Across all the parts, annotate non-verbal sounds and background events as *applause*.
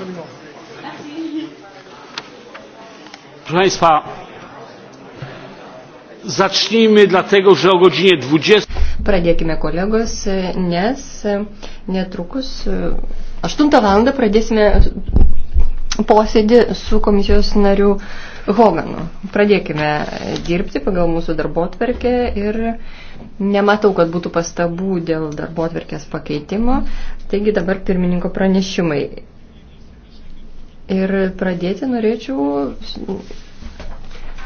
Absolument. Proszę Państwa, zacznijmy dlatego, że o godzinie 20. Pradėkime kolegos, nes netrukus 8 val. pradėsime posėdį su komisijos nariu Hoganu. Pradėkime dirbti pagal mūsų darbo tvarkę ir nematau, kad būtų pastabų dėl darbo tvarkės pakeitimo. Taigi dabar pirmininko pranešimai. Ir pradėti norėčiau.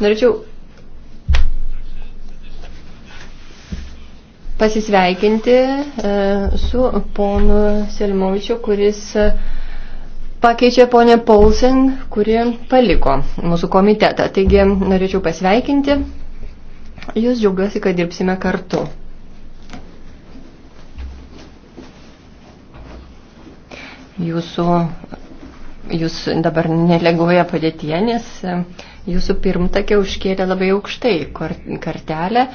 Norėčiau pasisveikinti e, su ponu Selmovičiu, kuris e, pakeičia ponę Paulsen, kuri paliko mūsų komitetą. Taigi norėčiau pasveikinti. Jūs džiaugiuosi, kad dirbsime kartu. Jūsų jūs dabar nelengvoje padėtyje, nes e, jūsų pirmtakė užkėlė labai aukštai kartelę,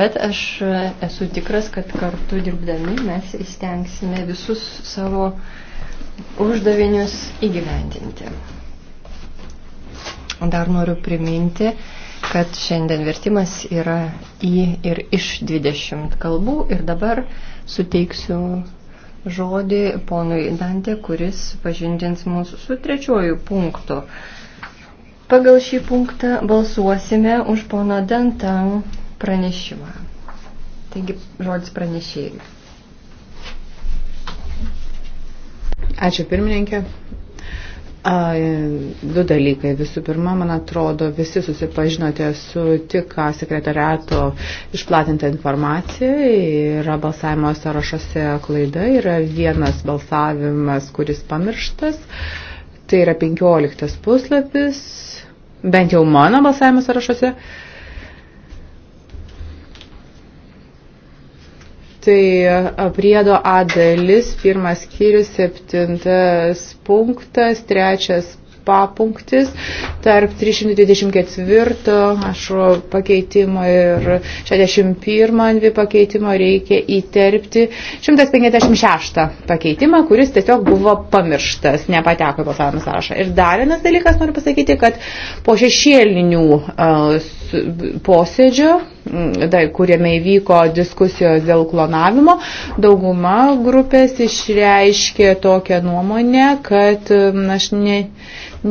bet aš e, esu tikras, kad kartu dirbdami mes įstengsime visus savo uždavinius įgyvendinti. Dar noriu priminti, kad šiandien vertimas yra į ir iš 20 kalbų ir dabar suteiksiu žodį ponui Dantė, kuris pažindins mūsų su trečiojų punktu. Pagal šį punktą balsuosime už pono Dantą pranešimą. Taigi žodis pranešėjai. Ačiū pirmininkė. A, du dalykai. Visų pirma, man atrodo, visi susipažinote su tik sekretariato išplatinta informacija. Yra balsavimo sąrašose klaida, yra vienas balsavimas, kuris pamirštas. Tai yra 15 puslapis, bent jau mano balsavimo sąrašose. Uh, Tai priedo A dalis, pirmas skyrius, septintas punktas, trečias papunktis tarp 324 ašro pakeitimo ir 61 dvi pakeitimo reikia įterpti 156 pakeitimą, kuris tiesiog buvo pamirštas, nepateko į balsavimą sąrašą. Ir dar vienas dalykas noriu pasakyti, kad po šešėlinių uh, posėdžio, kuriame įvyko diskusijos dėl klonavimo, dauguma grupės išreiškė tokią nuomonę, kad aš ne,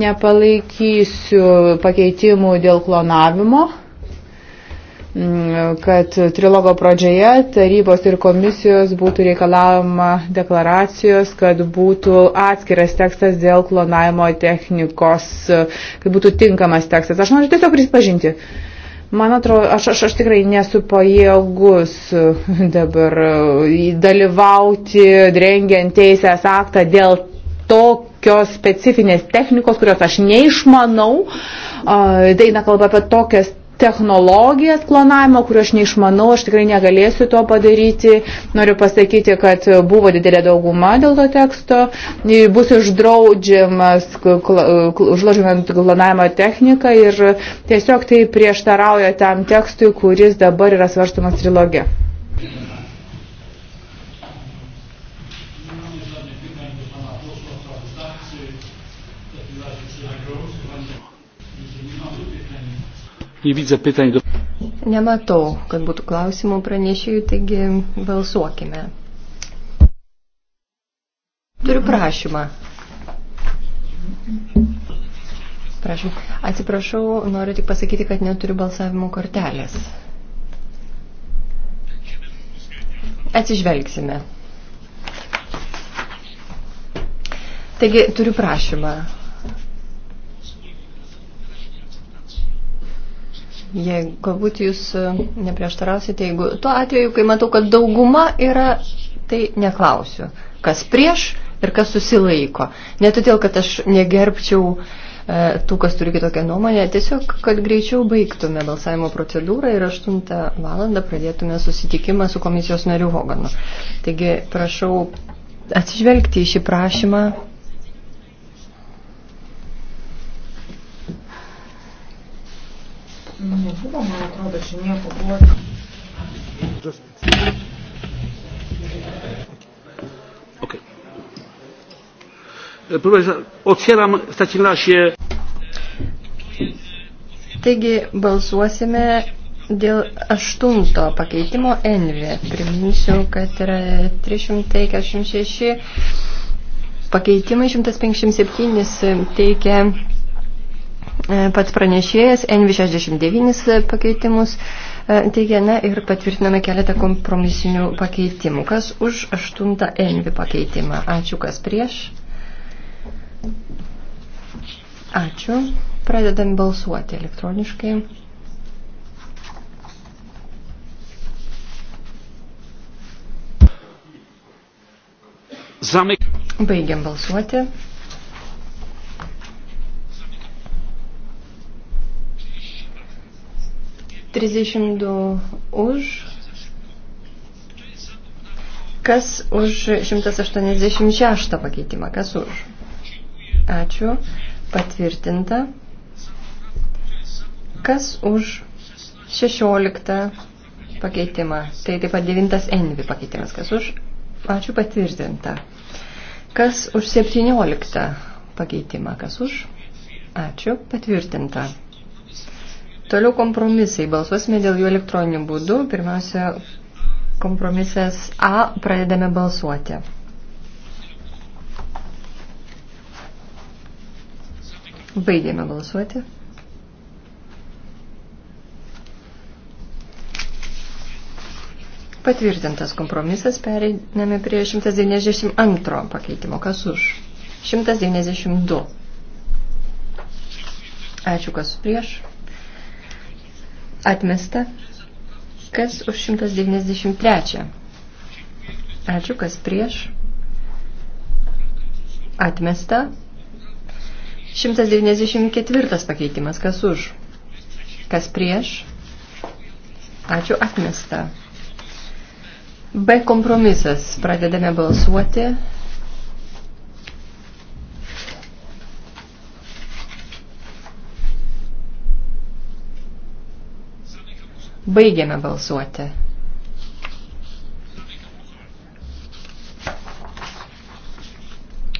nepalaikysiu pakeitimų dėl klonavimo kad trilogo pradžioje tarybos ir komisijos būtų reikalavama deklaracijos, kad būtų atskiras tekstas dėl klonavimo technikos, kad būtų tinkamas tekstas. Aš noriu tiesiog prisipažinti, Man atrodo, aš, aš, aš tikrai nesu pajėgus uh, dabar uh, dalyvauti, rengiant teisės aktą dėl tokios specifinės technikos, kurios aš neišmanau. Uh, tai eina kalba apie tokias technologijas klonavimo, kurio aš neišmanau, aš tikrai negalėsiu to padaryti. Noriu pasakyti, kad buvo didelė dauguma dėl to teksto. Bus uždraudžiamas užlažinant klonavimo techniką ir tiesiog tai prieštarauja tam tekstui, kuris dabar yra svarstumas trilogė. Nie widzę pytań do... Nematau, kad būtų klausimų pranešėjų, taigi balsuokime. Turiu prašymą. Prašom. Atsiprašau, noriu tik pasakyti, kad neturiu balsavimo kortelės. Atsižvelgsime. Taigi, turiu prašymą. Jei galbūt jūs e, neprieštarausite, jeigu tuo atveju, kai matau, kad dauguma yra, tai neklausiu, kas prieš ir kas susilaiko. Ne todėl, kad aš negerbčiau e, tų, kas turi kitokią nuomonę, tiesiog, kad greičiau baigtume balsavimo procedūrą ir 8 valandą pradėtume susitikimą su komisijos nariu Hoganu. Taigi, prašau atsižvelgti į šį prašymą Nebuvo, man atrodo, čia nieko buvo. Okay. E, otwieram w takim razie. Taigi balsuosime dėl aštunto pakeitimo Envi. Priminsiu, kad yra 346 pakeitimai, 157 teikia E, pats pranešėjas NV69 e, pakeitimus e, teigia, na ir patvirtiname keletą kompromisinių pakeitimų. Kas už 8 NV pakeitimą? Ačiū, kas prieš? Ačiū. Pradedam balsuoti elektroniškai. Zamyk. Baigiam balsuoti. 32 už. Kas už 186 pakeitimą? Kas už? Ačiū. Patvirtinta. Kas už 16 pakeitimą? Tai taip pat 9 envi pakeitimas. Kas už? Ačiū patvirtinta. Kas už 17 pakeitimą? Kas už? Ačiū patvirtinta. Toliau kompromisai. Balsuosime dėl jų elektroniniu būdu. Pirmiausia, kompromisas A. Pradedame balsuoti. Baigėme balsuoti. Patvirtintas kompromisas pereiname prie 192 pakeitimo. Kas už? 192. Ačiū, kas prieš. Atmesta. Kas už 193? Ačiū, kas prieš? Atmesta. 194 pakeitimas. Kas už? Kas prieš? Ačiū, atmesta. B kompromisas. Pradedame balsuoti. Baigėme balsuoti.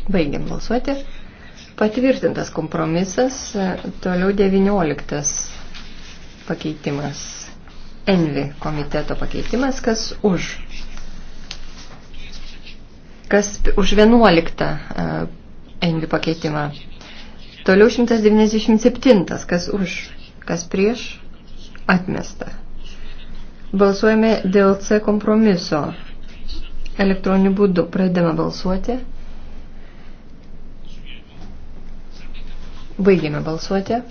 Baigėm balsuoti. Patvirtintas kompromisas, toliau 19 pakeitimas. Envi komiteto pakeitimas, kas už. Kas už 11 e, Envi pakeitimą. Toliau 197, kas už, kas prieš, atmesta. Balsuojame dėl C kompromiso. Elektroniniu būdu pradedame balsuoti. Baigėme balsuoti.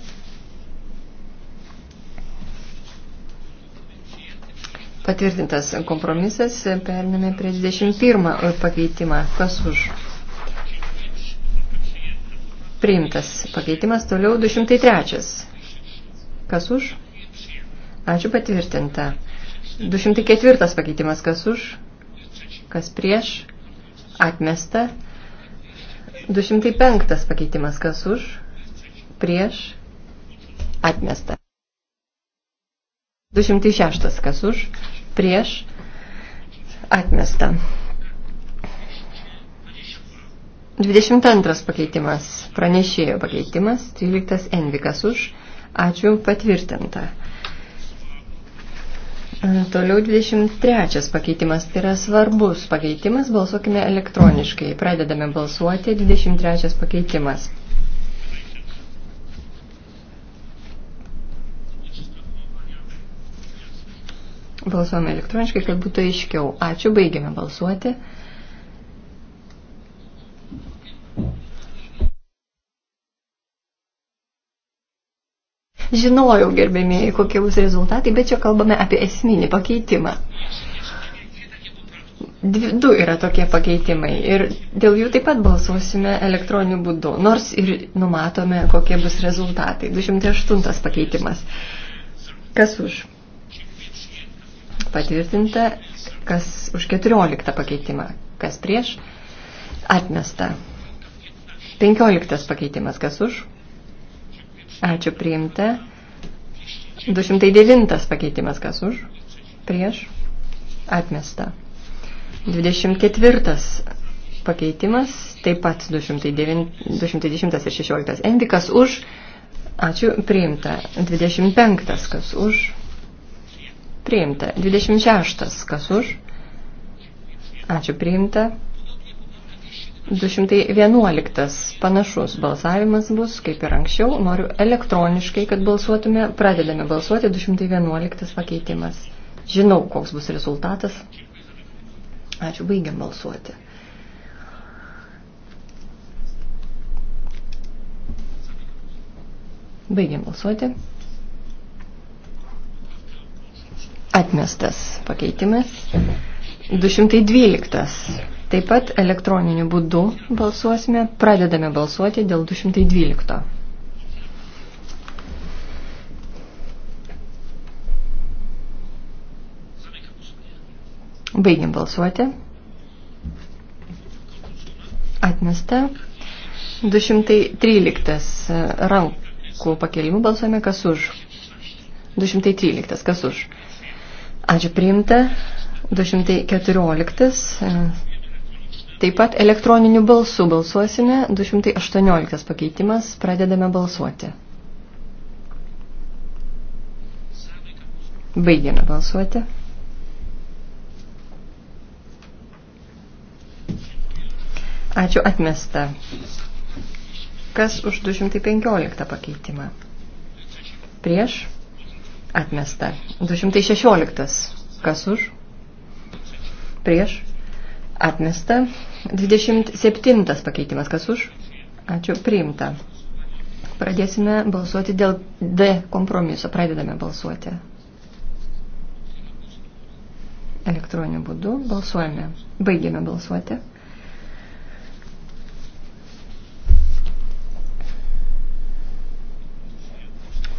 Patvirtintas kompromisas, periname prie 21 pakeitimą. Kas už? Priimtas pakeitimas, toliau 203. Kas už? Ačiū patvirtinta. 204 pakeitimas, kas už, kas prieš, atmesta. 205 pakeitimas, kas už, prieš, atmesta. 206 kas už, prieš, atmesta. 22 pakeitimas, pranešėjo pakeitimas, 13 envikas už, ačiū patvirtinta. Mm, toliau 23 pakeitimas. Tai yra svarbus pakeitimas. Balsuokime elektroniškai. Pradedame balsuoti. 23 pakeitimas. Balsuojame elektroniškai, kad būtų aiškiau. Ačiū, baigėme balsuoti. žinojau, gerbėmėjai, kokie bus rezultatai, bet čia kalbame apie esminį pakeitimą. Dvi, du yra tokie pakeitimai ir dėl jų taip pat balsuosime elektroniniu būdu, nors ir numatome, kokie bus rezultatai. 208 pakeitimas. Kas už? Patvirtinta, kas už 14 pakeitimą, kas prieš? Atmesta. 15 pakeitimas, kas už? Ačiū priimta. 209 pakeitimas kas už? Prieš? Atmesta. 24 pakeitimas, taip pat 209, 210 ir 16. Endikas už. Ačiū priimta. 25 kas už? Priimta. 26 kas už? Ačiū priimta. 211 panašus balsavimas bus, kaip ir anksčiau. Noriu elektroniškai, kad balsuotume. Pradedame balsuoti 211 pakeitimas. Žinau, koks bus rezultatas. Ačiū, baigiam balsuoti. Baigiam balsuoti. Atmestas pakeitimas. 212. Taip pat elektroniniu būdu balsuosime, pradedame balsuoti dėl 212. Baigiam balsuoti. Atmesta. 213 rankų pakelimų balsuojame, kas už. 213, kas už. Ačiū priimta. 214 Taip pat elektroniniu balsu balsuosime. 218 pakeitimas. Pradedame balsuoti. Baigiame balsuoti. Ačiū atmesta. Kas už 215 pakeitimą? Prieš? Atmesta. 216. Kas už? Prieš? Atmesta. 27 pakeitimas. Kas už? Ačiū. Priimta. Pradėsime balsuoti dėl D kompromiso. Pradedame balsuoti. Elektroniniu būdu balsuojame. Baigėme balsuoti.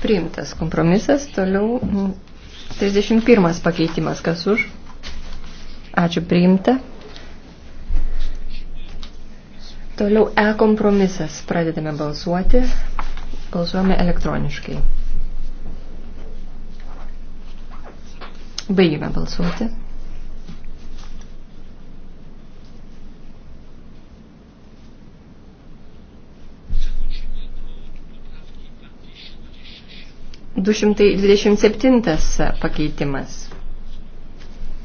Priimtas kompromisas. Toliau 31 pakeitimas. Kas už? Ačiū. Priimta. Toliau E kompromisas. Pradedame balsuoti. Balsuojame elektroniškai. Baigime balsuoti. Du šimtai dvidešimt septintas pakeitimas.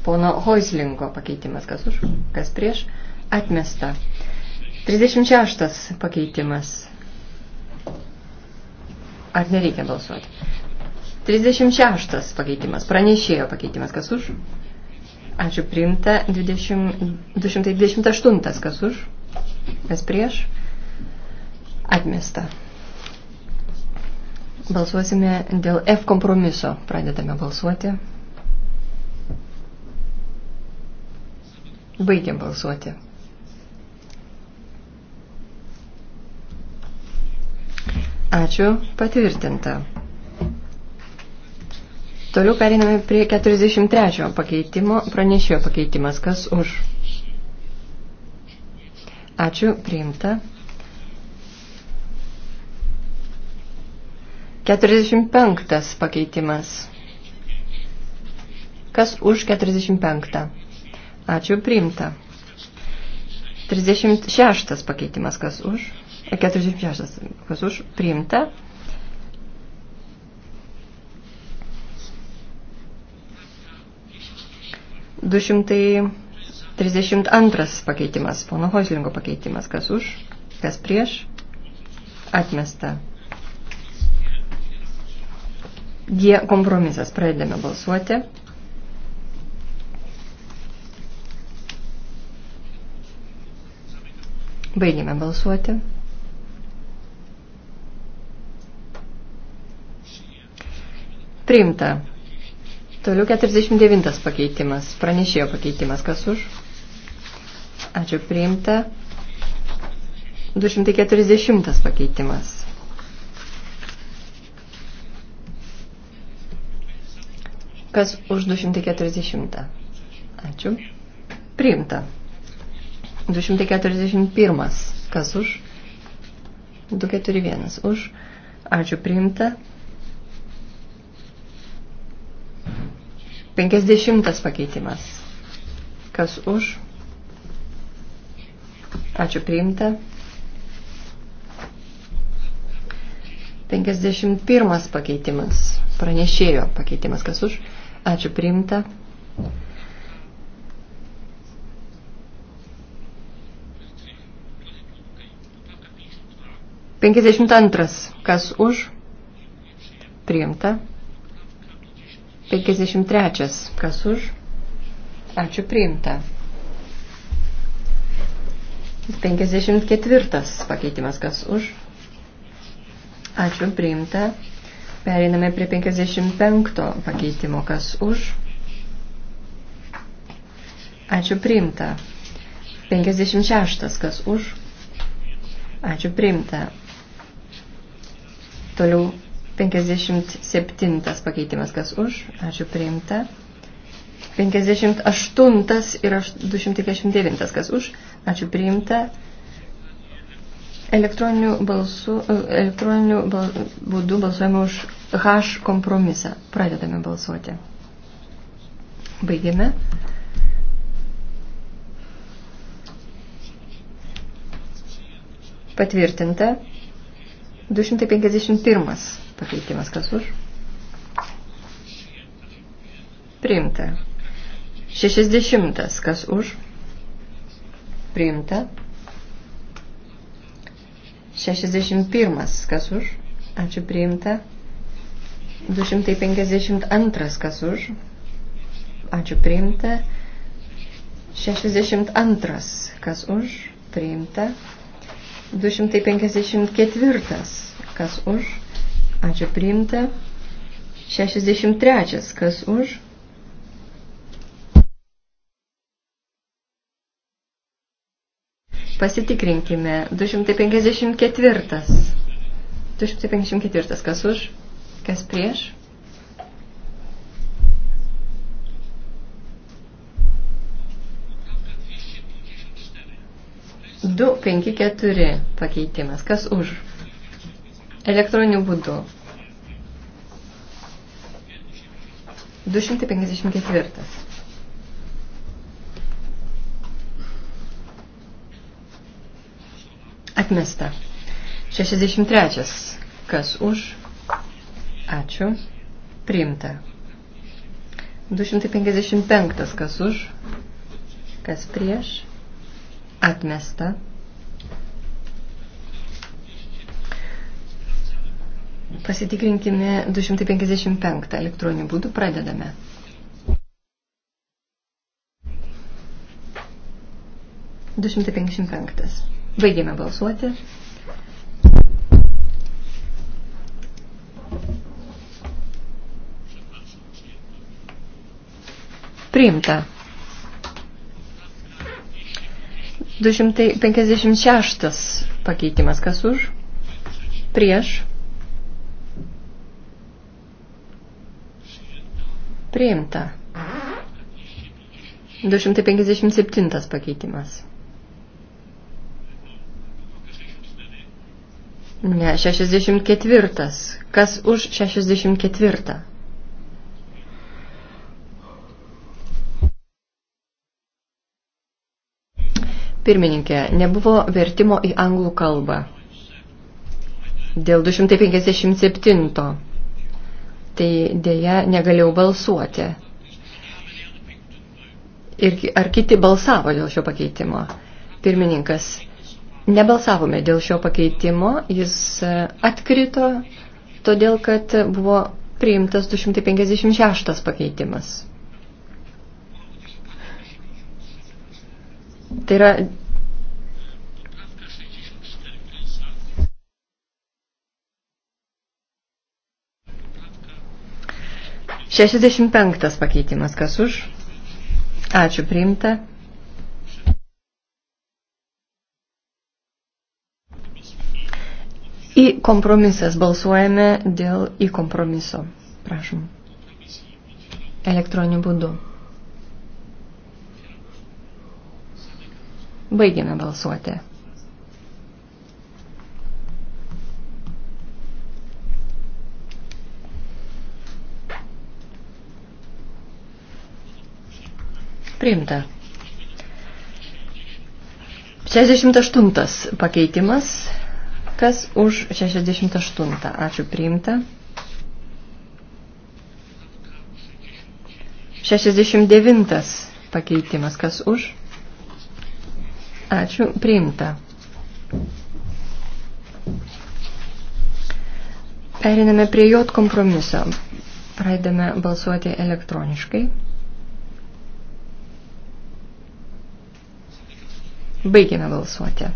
Pono Hoislingo pakeitimas. Kas už? Kas prieš? Atmesta. Atmesta. 36 pakeitimas. Ar nereikia balsuoti? 36 pakeitimas. Pranešėjo pakeitimas. Kas už? Ačiū priimta. 20, 228 kas už? Kas prieš? Atmesta. Balsuosime dėl F kompromiso. Pradedame balsuoti. Baigiam balsuoti. Ačiū, patvirtinta. Toliau periname prie 43 pakeitimo, pranešėjo pakeitimas. Kas už? Ačiū, priimta. 45 pakeitimas. Kas už 45? Ačiū, priimta. 36 pakeitimas. Kas už? 46. Kas už? Priimta. Du šimtai trisdešimt antras pakeitimas, pono Hoislingo pakeitimas. Kas už? Kas prieš? Atmesta. G kompromisas. Pradedame balsuoti. Baigėme balsuoti. Priimta. Toliau 49 pakeitimas, pranešėjo pakeitimas, kas už? Ačiū, priimta. 240 pakeitimas. Kas už 240? Ačiū. Priimta. 241. Kas už? 241. Už. Ačiū, priimta. 50 pakeitimas. Kas už? Ačiū priimta. 51 pakeitimas. Pranešėjo pakeitimas. Kas už? Ačiū priimta. Penkisdešimt antras. Kas už? Priimta. 53. Kas už? Ačiū priimta. 54. Pakeitimas. Kas už? Ačiū priimta. Pereiname prie 55 pakeitimo. Kas už? Ačiū priimta. 56. Kas už? Ačiū priimta. Toliau 57 pakeitimas, kas už, ačiū priimta. 58 ir 249, kas už, ačiū priimta. Elektroniniu, balsu, e, elektroniniu bal, būdu balsuojame už H kompromisą. Pradedame balsuoti. Baigiame. Patvirtinta. 251 pakeitimas kas už? Priimta. 60 kas už? Priimta. 61 kas už? Ačiū priimta. 252 kas už? Ačiū priimta. 62 kas už? Priimta. 254 kas už? Ačiū priimta. 63. Kas už? Pasitikrinkime. 254. 254. Kas už? Kas prieš? Du, penki, keturi pakeitimas. Kas už? elektroniniu būdu. 254. Atmesta. 63. Kas už? Ačiū. Priimta. 255. Kas už? Kas prieš? Atmesta. Pasitikrinkime 255 elektroninių būdų, pradedame. Du šimtai penkiasdešimt penktas. Baigėme balsuoti. Priimta. 256 pakeitimas. Kas už? Prieš. Priimta. 257 pakeitimas. Ne, 64. Kas už 64? Pirmininkė, nebuvo vertimo į anglų kalbą. Dėl 257 tai dėja negalėjau balsuoti. Ir ar kiti balsavo dėl šio pakeitimo? Pirmininkas, nebalsavome dėl šio pakeitimo, jis e, atkrito, todėl kad buvo priimtas 256 pakeitimas. Tai yra 65 pakeitimas, kas už? Ačiū, priimta. Į kompromisas balsuojame dėl į kompromiso. Prašom. Elektroniniu būdu. Baigėme balsuoti. Priimta. 68 pakeitimas. Kas už 68? Ačiū priimta. 69 pakeitimas. Kas už? Ačiū priimta. Periname prie J kompromiso. Pradedame balsuoti elektroniškai. Baigėme balsuoti.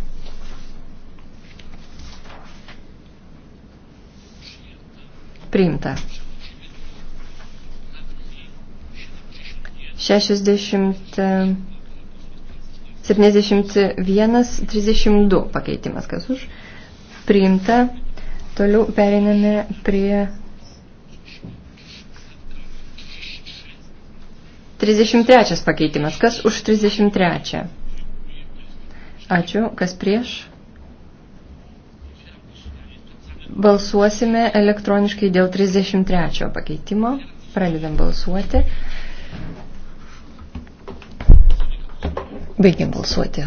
Priimta. 60, 71, 32 pakeitimas, kas už. Priimta. Toliau periname prie 33 pakeitimas. Kas už 33? Ačiū. Kas prieš? Balsuosime elektroniškai dėl 33 pakeitimo. Pradedam balsuoti. Baigiam balsuoti.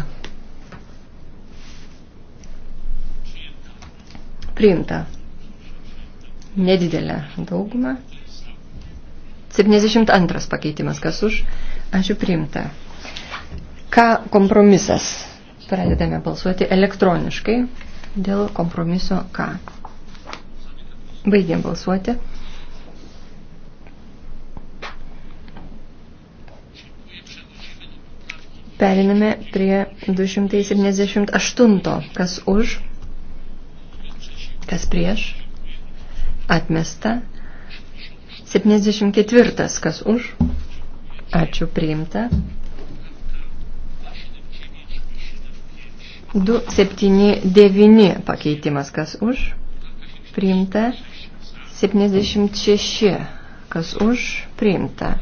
Priimta. Nedidelė dauguma. 72 pakeitimas, kas už, ačiū priimta. Ką kompromisas? Pradedame balsuoti elektroniškai dėl kompromiso K. Baigiam balsuoti. Periname prie 278. Kas už, kas prieš, atmesta. 74. Kas už, ačiū priimta. 279 pakeitimas, kas už, priimta. 76, kas už, priimta.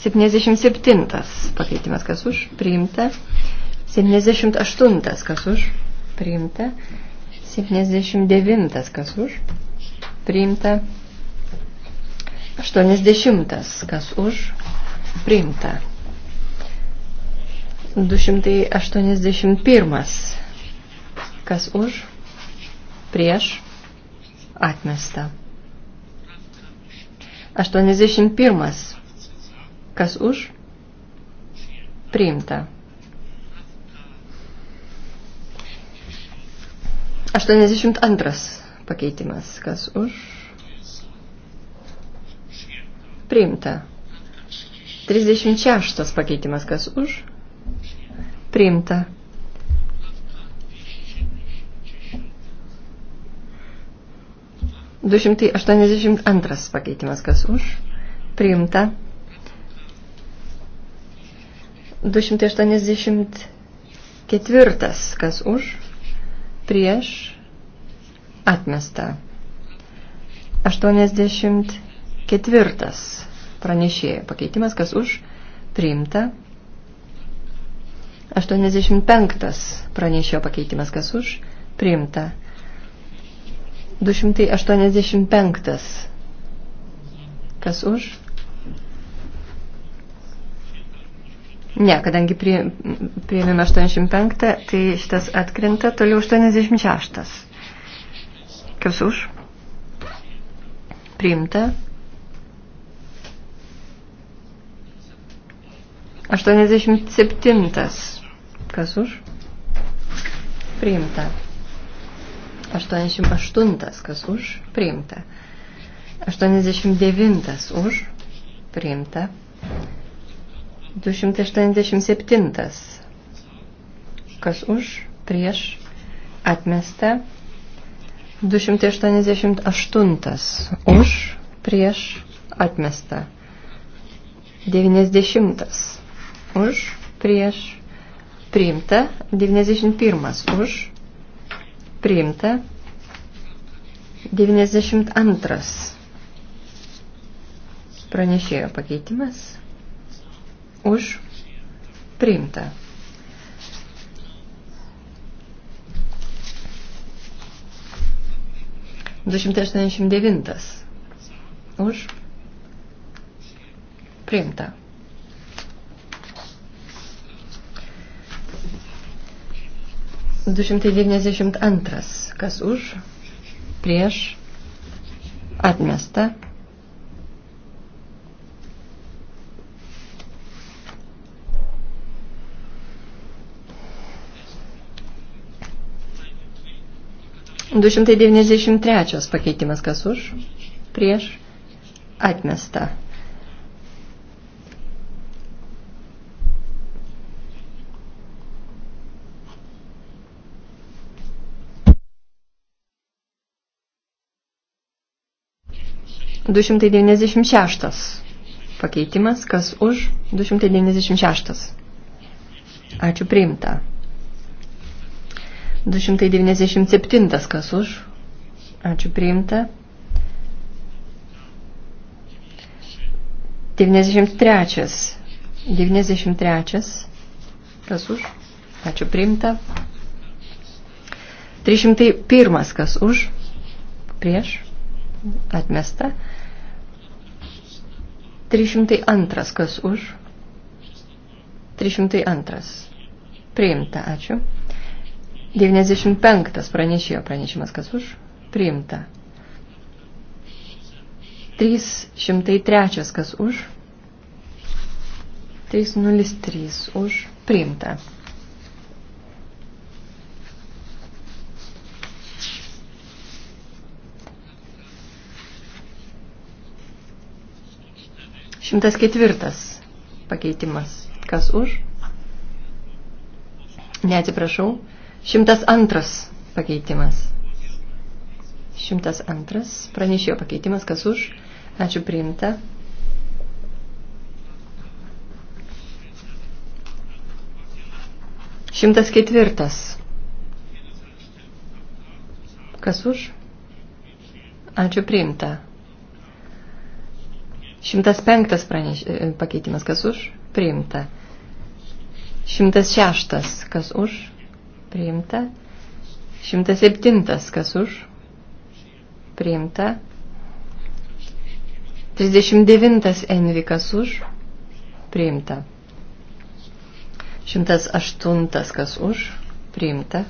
77 pakeitimas, kas už, priimta. 78, kas už, priimta. 79, kas už, priimta. 80, kas už, priimta. 281. Kas už, prieš, atmesta. 81. Kas už, priimta. 82 pakeitimas. Kas už? Priimta. 36 pakeitimas. Kas už? Priimta. Du šimtai aštuoniasdešimt antras pakeitimas, kas už. Priimta. 284, kas už, prieš, atmesta. 84, pranešėjo pakeitimas, kas už, priimta. 85 pranešėjo pakeitimas, kas už, priimta. 285, kas už. Ne, kadangi prie, prieimėme 85, tai šitas atkrinta, toliau 86. Kas už? Priimta. 87. Kas už? Priimta. 88. Kas už? Priimta. 89. Už? Priimta. 287. Kas už? Prieš? Atmesta. 288. Už? Prieš? Atmesta. 90. Už? Prieš? Priimta. 91 už. Priimta. 92 pranešėjo pakeitimas. Už. Priimta. Du šimtai aštuoniasdešimt devintas. Už. Priimta. 292. Kas už? Prieš? Atmesta. Du šimtai devyniasdešimt trečias pakeitimas kas už, prieš, atmesta. 296 pakeitimas, kas už 296. Ačiū priimta. 297 kas už. Ačiū priimta. 93. 93. Kas už. Ačiū priimta. 301 kas už. Prieš. Atmesta. 302. Kas už? 302. Priimta. Ačiū. 95. Pranešėjo pranešimas. Kas už? Priimta. 303. Kas už? 303. Už. Priimta. 104 pakeitimas. Kas už? Ne, atsiprašau. 102 pakeitimas. 102 pranešėjo pakeitimas. Kas už? Ačiū priimta. Šimtas ketvirtas. Kas už? Ačiū priimta. 105 praneš, e, pakeitimas, kas už, priimta. 106, kas už, priimta. 107, kas už, priimta. 39 Envi, kas už, priimta. 108, kas už, priimta.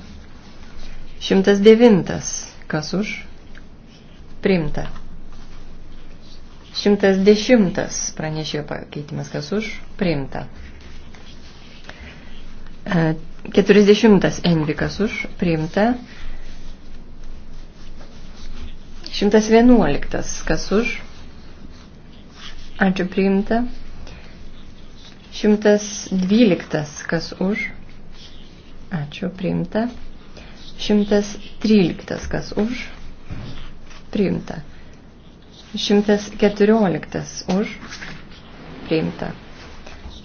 109, kas už, priimta. 110 pranešėjo pakeitimas, kas už, priimta. 40 e, Envikas už, priimta. 111 kas už, ačiū priimta. 112 kas už, ačiū priimta. 113 kas už, priimta. 114 už priimta.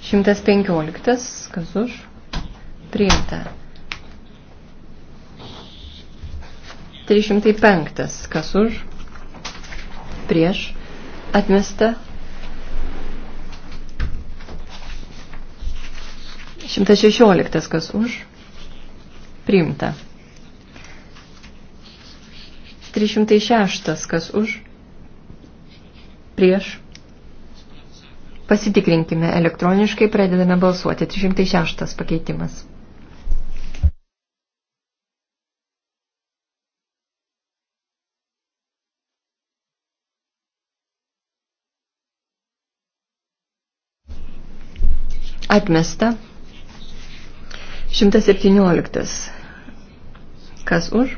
115 kas už priimta. 305 kas už prieš atmesta. 116 kas už priimta. 306 kas už prieš. Pasitikrinkime elektroniškai, pradedame balsuoti. 306 pakeitimas. Atmesta. 117. Kas už?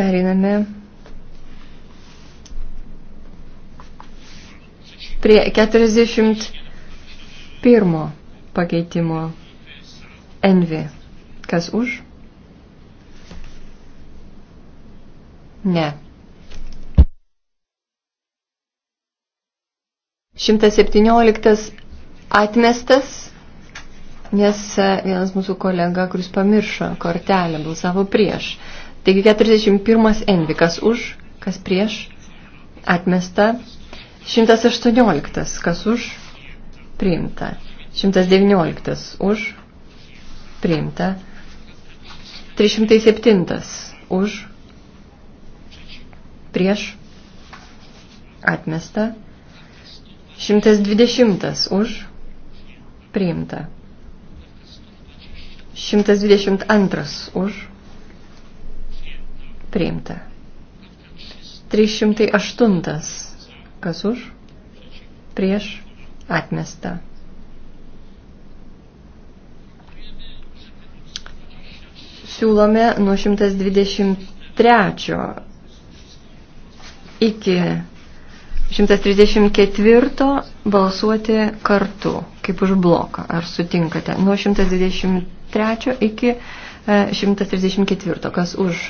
Periname prie 41 pakeitimo envi. Kas už? Ne. 117 atmestas, nes e, vienas mūsų kolega, kuris pamiršo kortelę, balsavo prieš. Taigi 41 envi, kas už, kas prieš, atmesta. 118, kas už, priimta. 119, už, priimta. 307, už, prieš, atmesta. 120, už, priimta. 122, už, priimta. Priimta. 308. Kas už? Prieš atmesta. Siūlome nuo 123 iki 134 balsuoti kartu, kaip už bloką, ar sutinkate. Nuo 123 iki 134, e, kas už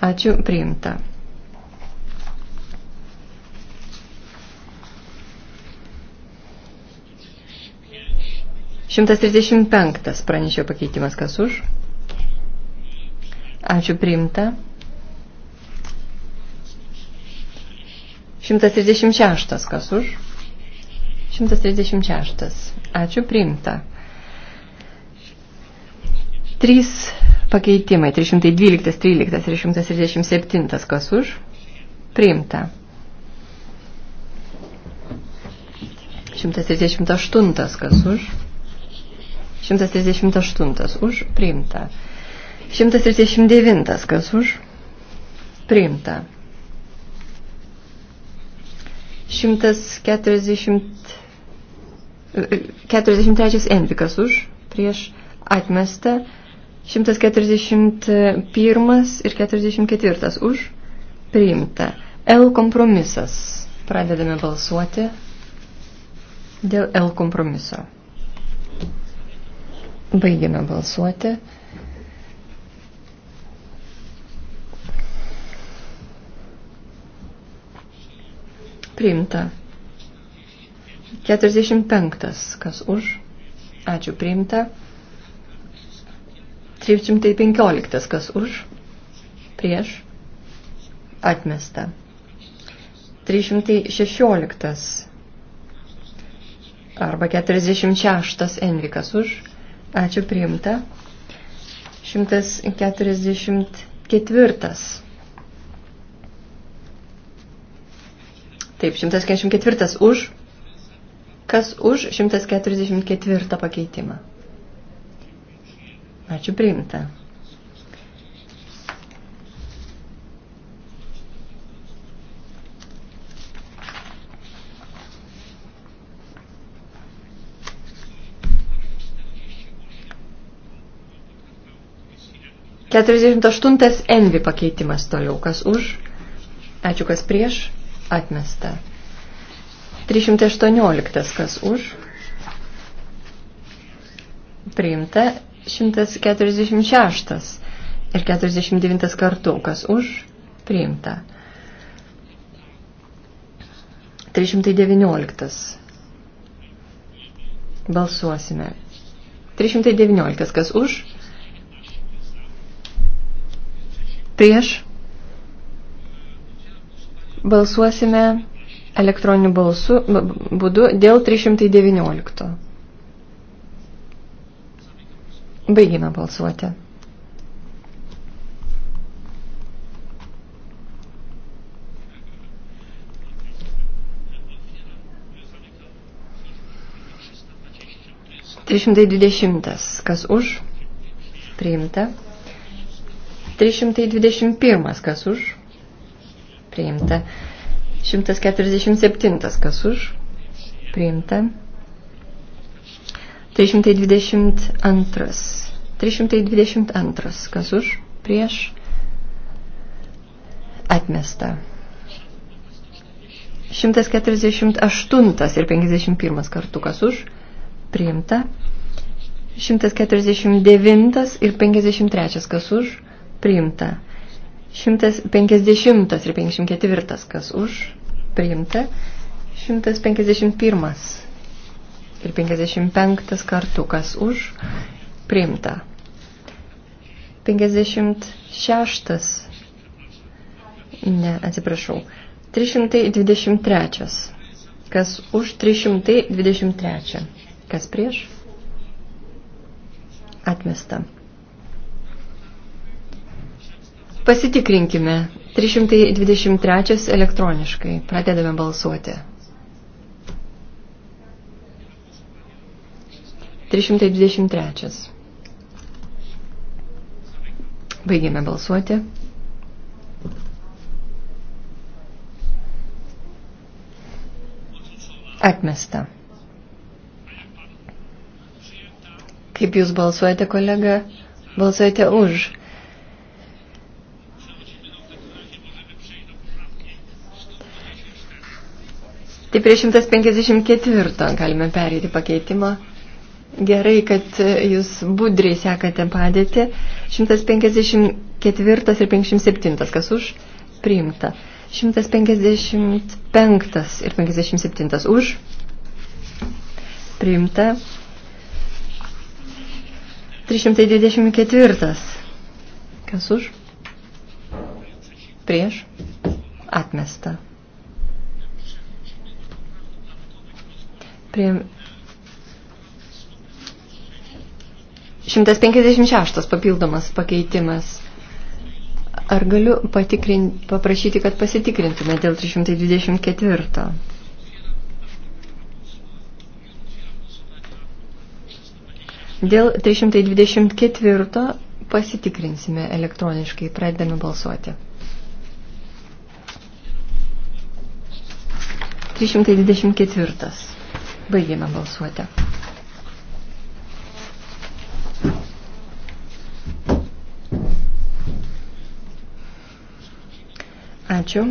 Ačiū, priimta. Šimtas trisdešimt penktas pranešio pakeitimas kas už. Ačiū, priimta. 136 kas už? 136. Ačiū, priimta. Trys pakeitimai 312, 13 ir 137 kas už priimta. 138 kas už 138 už priimta. 139 kas už priimta. 143 envikas e, už prieš atmestą 141 ir 44 už priimta. L kompromisas. Pradedame balsuoti dėl L kompromiso. Baigiame balsuoti. Priimta. 45. Kas už? Ačiū, priimta. 315. Kas už? Prieš? Atmesta. 316. Arba 46. Envikas už? Ačiū priimta. 144. Taip, 144 už. Kas už 144 pakeitimą? Ačiū priimta. Keturiasdešimt aštuntas envi pakeitimas toliau. Kas už? Ačiū, kas prieš? Atmesta. 318 kas už? Priimta. 146 ir 49 kartų, kas už, priimta. 319. Balsuosime. 319. Kas už? Prieš? Balsuosime elektroniniu balsu, būdu dėl 319. Baigime balsuoti. Trišimtai dvidešimtas. Kas už? Priimta. 321 kas už priimta. 147 kas už priimta. 322. 322. Kas už? Prieš? Atmesta. 148 ir 51 kartu. Kas už? Priimta. 149 ir 53 kas už? Priimta. 150 ir 54 kas už? Priimta. 151 ir 55 kartų, kas už, priimta. 56, ne, atsiprašau, 323, kas už 323, kas prieš, atmesta. Pasitikrinkime 323 elektroniškai, pradedame balsuoti. 323. Baigėme balsuoti. Atmesta. Kaip jūs balsuojate, kolega? Balsuojate už. Tai prie 154 galime perėti pakeitimą. Gerai, kad jūs budriai sekate padėti. 154 ir 57, kas už? Priimta. 155 ir 57 už? Priimta. 324. Kas už? Prieš? Atmesta. Prie 156 papildomas pakeitimas. Ar galiu paprašyti, kad pasitikrintume dėl 324? Dėl 324 pasitikrinsime elektroniškai, pradedame balsuoti. 324. Baigėme balsuoti. Ačiū.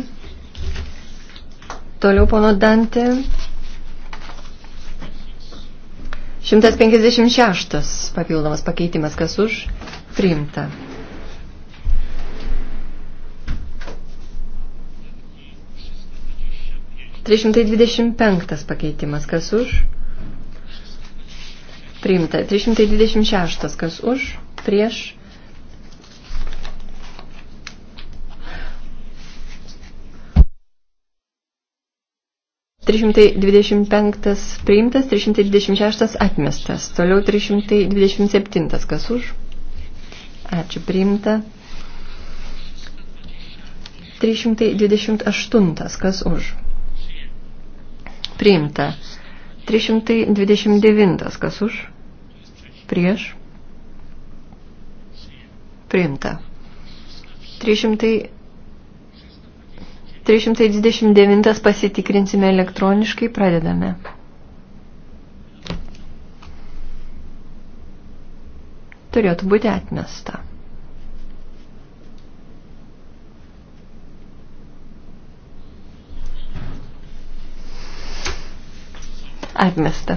Toliau pono Dantė. 156 papildomas pakeitimas, kas už priimta. Trišimtai dvidešimt penktas pakeitimas, kas už? Priimta. 326. Kas už? Prieš? Trišimtai dvidešimt penktas priimtas, trišimtai dvidešimt šeštas atmestas. Toliau trišimtai dvidešimt septintas. Kas už? Ačiū, priimta. 328. Kas už? Priimta. 329. Kas už? prieš, priimta. 300, 329 pasitikrinsime elektroniškai, pradedame. Turėtų būti atmesta. Atmesta.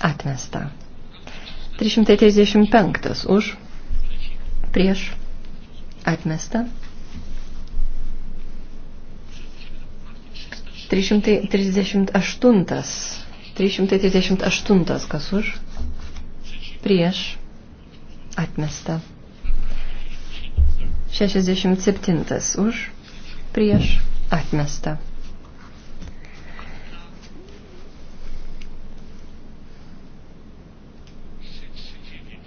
Atmesta. 335 už. Prieš. Atmesta. 338. 338 kas už. Prieš. Atmesta. 67 už. Prieš. Atmesta.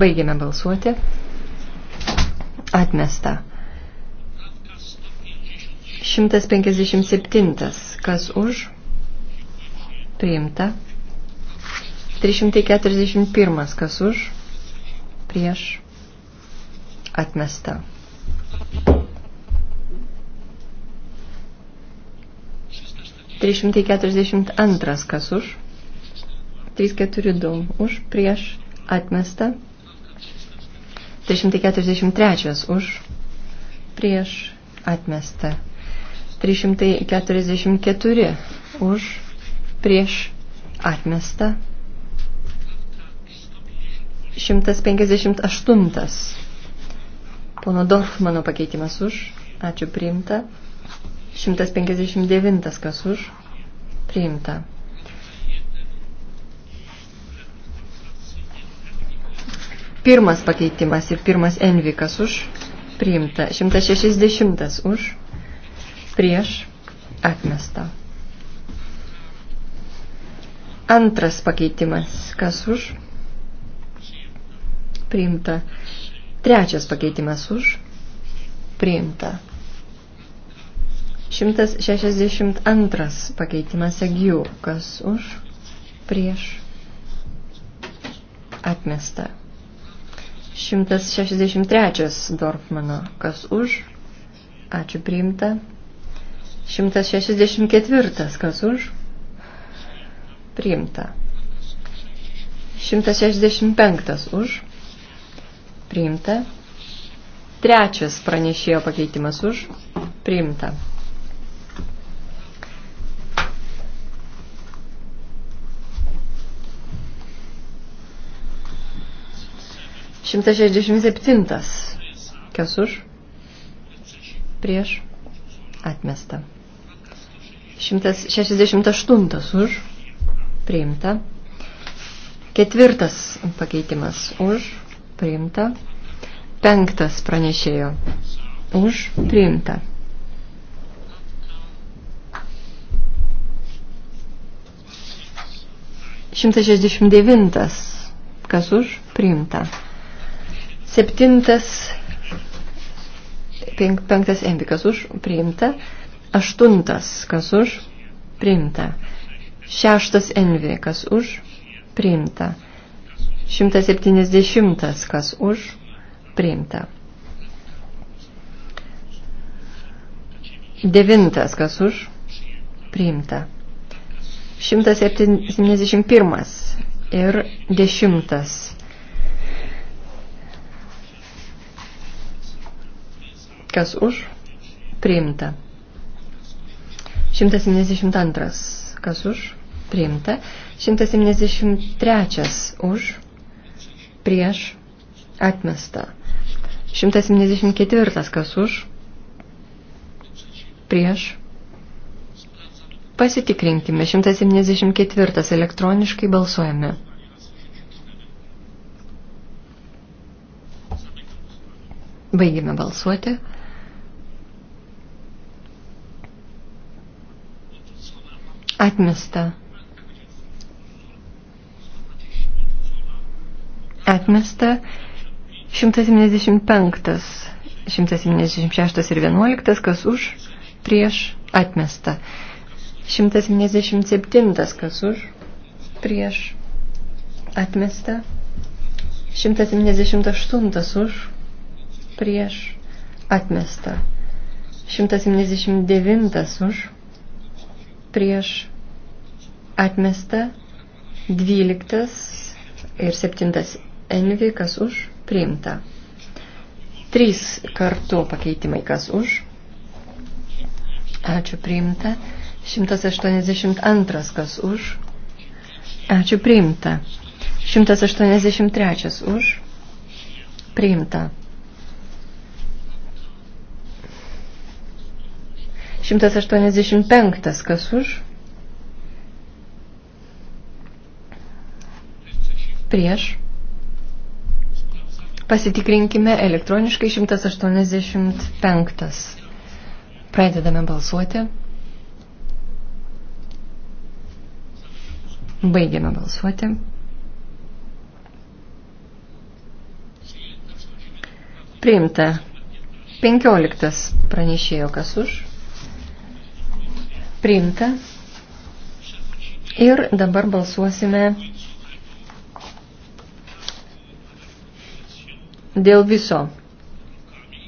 Baigėme balsuoti. Atmesta. 157. Kas už? Priimta. 341. Kas už? Prieš. Atmesta. Trys šimtai keturiasdešimt antras, kas už? Trys keturi du, už, prieš, atmesta. 343 už, prieš atmesta. 344 už, prieš atmesta. 158 pono Dorfmano pakeitimas už, ačiū priimta. 159 kas už, priimta. Pirmas pakeitimas ir pirmas envikas už priimta. 160 už prieš atmestą. Antras pakeitimas. Kas už? Priimta. Trečias pakeitimas už? Priimta. 162 pakeitimas egių. Kas už? Prieš. Atmesta. 163 Dorfmano. Kas už? Ačiū priimta. 164. Kas už? Priimta. 165 už. Priimta. Trečias pranešėjo pakeitimas už. Priimta. 167. Kas už? Prieš. Atmesta. 168 už. Priimta. Ketvirtas pakeitimas už. Priimta. Penktas pranešėjo. Už. Priimta. Šimtas šešdešimt devintas. Kas už? Priimta. Septintas, penk, penktas envi, kas už, priimta. Aštuntas, kas už, priimta. Šeštas envi, kas už, priimta. 170, kas už, priimta. Devintas, kas už, priimta. 171 ir 10 Kas už? Priimta. 172. Kas už? Priimta. 173. Už? Prieš? Atmesta. 174. Kas už? Prieš? Pasitikrinkime. 174. Elektroniškai balsuojame. Baigime balsuoti. Atmesta. Atmesta 175, 176 ir 11, kas už, prieš, atmesta. 177, kas už, prieš, atmesta. 178 už, prieš, atmesta. 179 už, prieš, atmesta Atmesta 12 ir 7 envi, kas už, priimta. Trys kartu pakeitimai, kas už. Ačiū priimta. 182, kas už. Ačiū priimta. 183 už. Priimta. 185, kas už. prieš. Pasitikrinkime elektroniškai 185. Pradedame balsuoti. Baigiame balsuoti. Priimta 15 pranešėjo kas už. Priimta. Ir dabar balsuosime dėl viso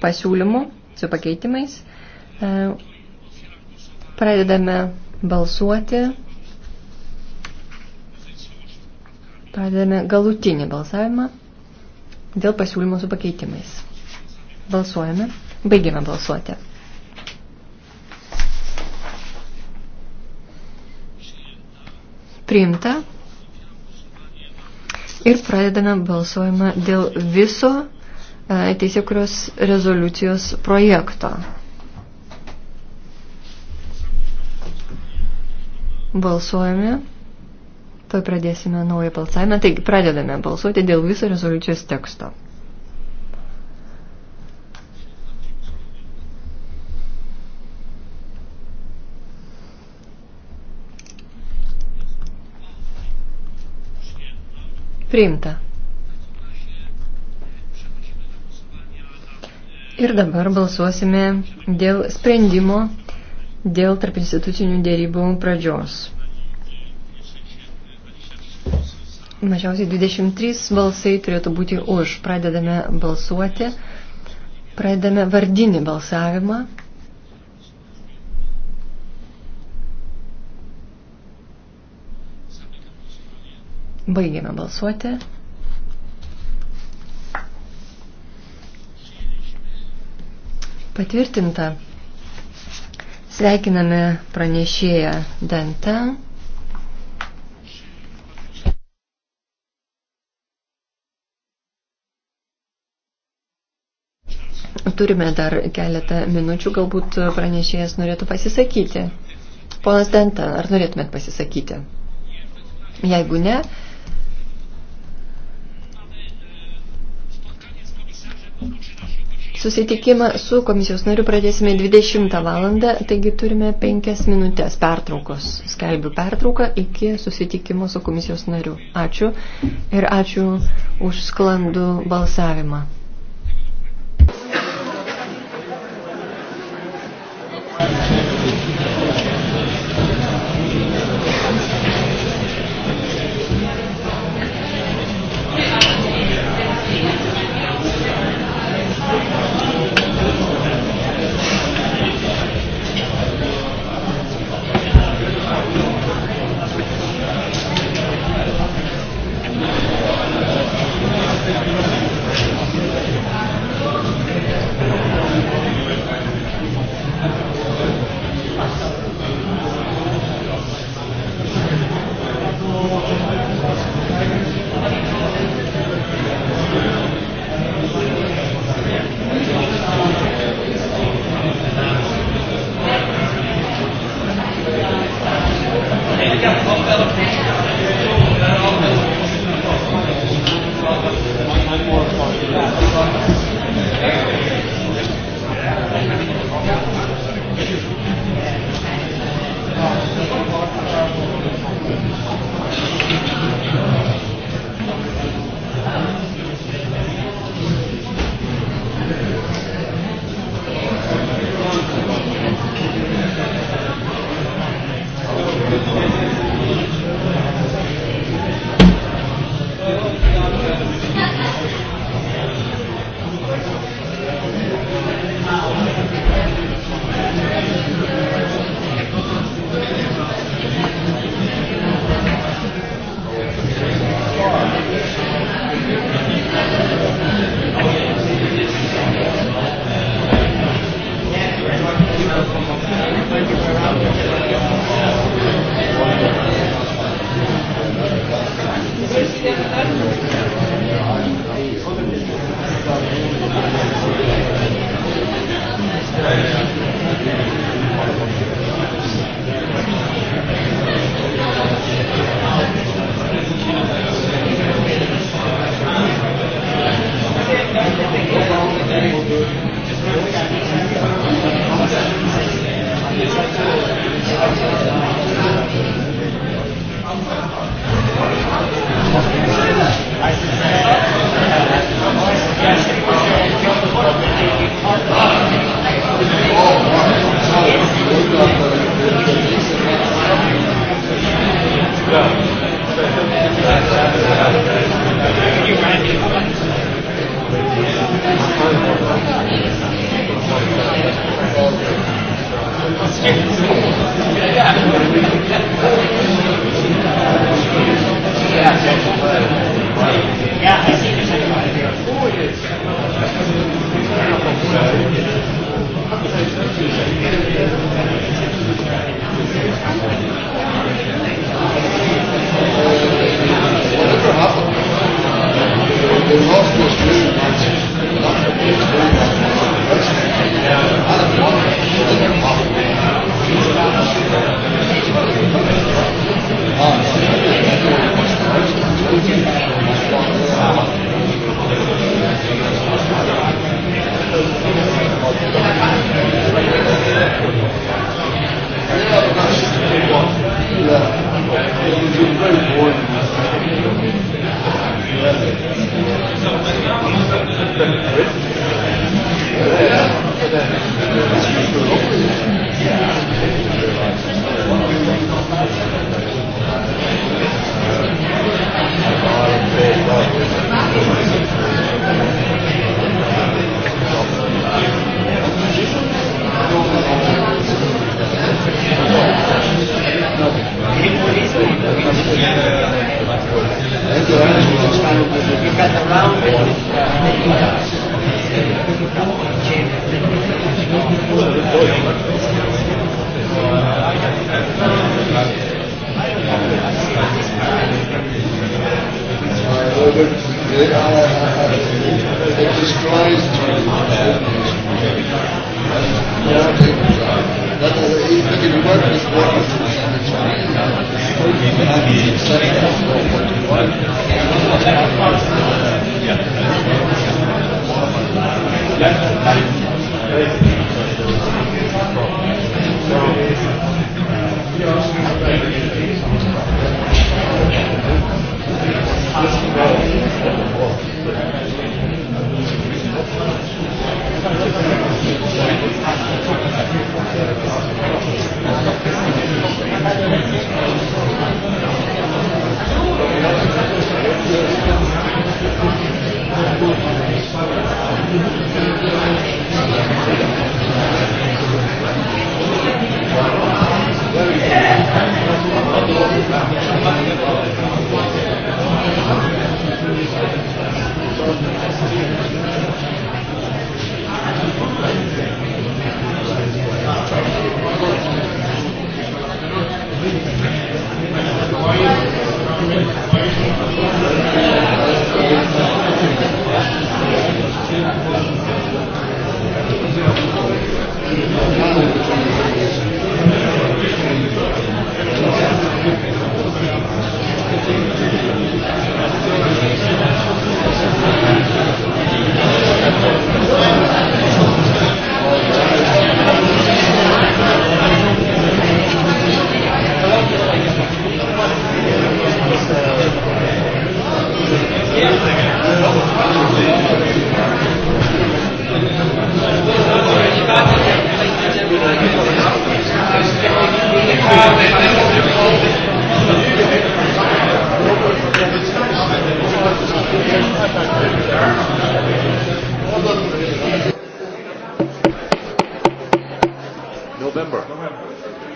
pasiūlymo su pakeitimais. E, pradedame balsuoti. Pradedame galutinį balsavimą dėl pasiūlymo su pakeitimais. Balsuojame. Baigiame balsuoti. Priimta. Ir pradedame balsuojimą dėl viso E, teisėkurios rezoliucijos projekto. Balsuojame. Tuoj pradėsime naują balsavimą. Taigi, pradedame balsuoti dėl viso rezoliucijos teksto. Priimta. Ir dabar balsuosime dėl sprendimo dėl tarp institucinių dėrybų pradžios. Mažiausiai 23 balsai turėtų būti už. Pradedame balsuoti. Pradedame vardinį balsavimą. Baigėme balsuoti. Patvirtinta. Sveikiname pranešėją Dantą. Turime dar keletą minučių, galbūt pranešėjas norėtų pasisakyti. Ponas Denta, ar norėtumėt pasisakyti? Jeigu ne, Thank you. Susitikimą su komisijos nariu pradėsime 20 valandą, taigi turime 5 minutės pertraukos. Skelbiu pertrauką iki susitikimo su komisijos nariu. Ačiū ir ačiū už sklandų balsavimą.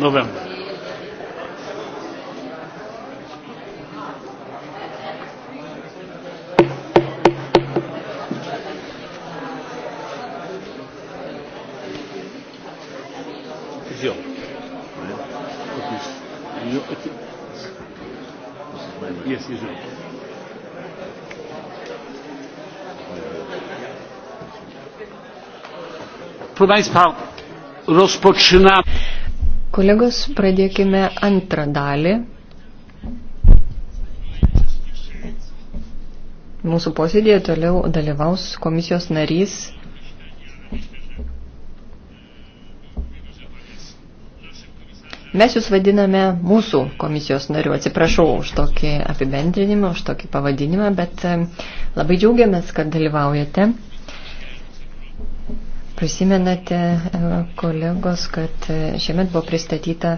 november. Jo. Yes, yes, yes. proszę państwa rozpoczynamy. Kolegos, pradėkime antrą dalį Mūsų posėdėje toliau dalyvaus komisijos narys Mes jūs vadiname mūsų komisijos nariu. Atsiprašau už tokį apibendrinimą, už tokį pavadinimą, bet e, labai džiaugiamės, kad dalyvaujate. Prisimenate, e, kolegos, kad e, šiemet buvo pristatyta,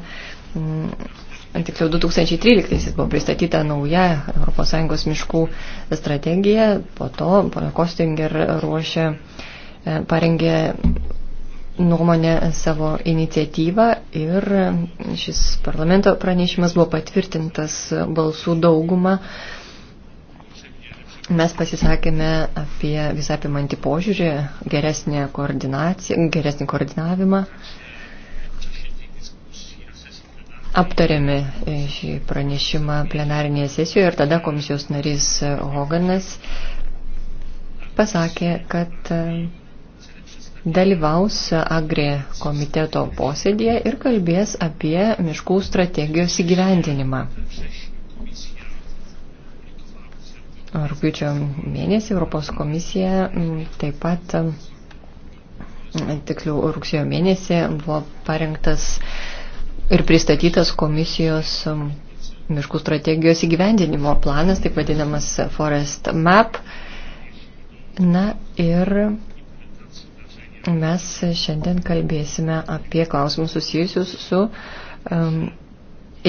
tiksliau 2013 buvo pristatyta nauja ES miškų strategija, po to pana Kostinger ruošė, e, parengė nuomonę savo iniciatyvą ir šis parlamento pranešimas buvo patvirtintas balsų daugumą Mes pasisakėme apie visapimantį požiūrį, geresnį, geresnį koordinavimą. Aptarėme šį pranešimą plenarinėje sesijoje ir tada komisijos narys Hoganas pasakė, kad e, dalyvaus Agri komiteto posėdėje ir kalbės apie miškų strategijos įgyvendinimą. Rūpiučio mėnesį Europos komisija mm, taip pat, mm, tiksliau rugsėjo mėnesį, buvo parengtas ir pristatytas komisijos mm, miškų strategijos įgyvendinimo planas, taip vadinamas Forest Map. Na ir mes šiandien kalbėsime apie klausimus susijusius su um,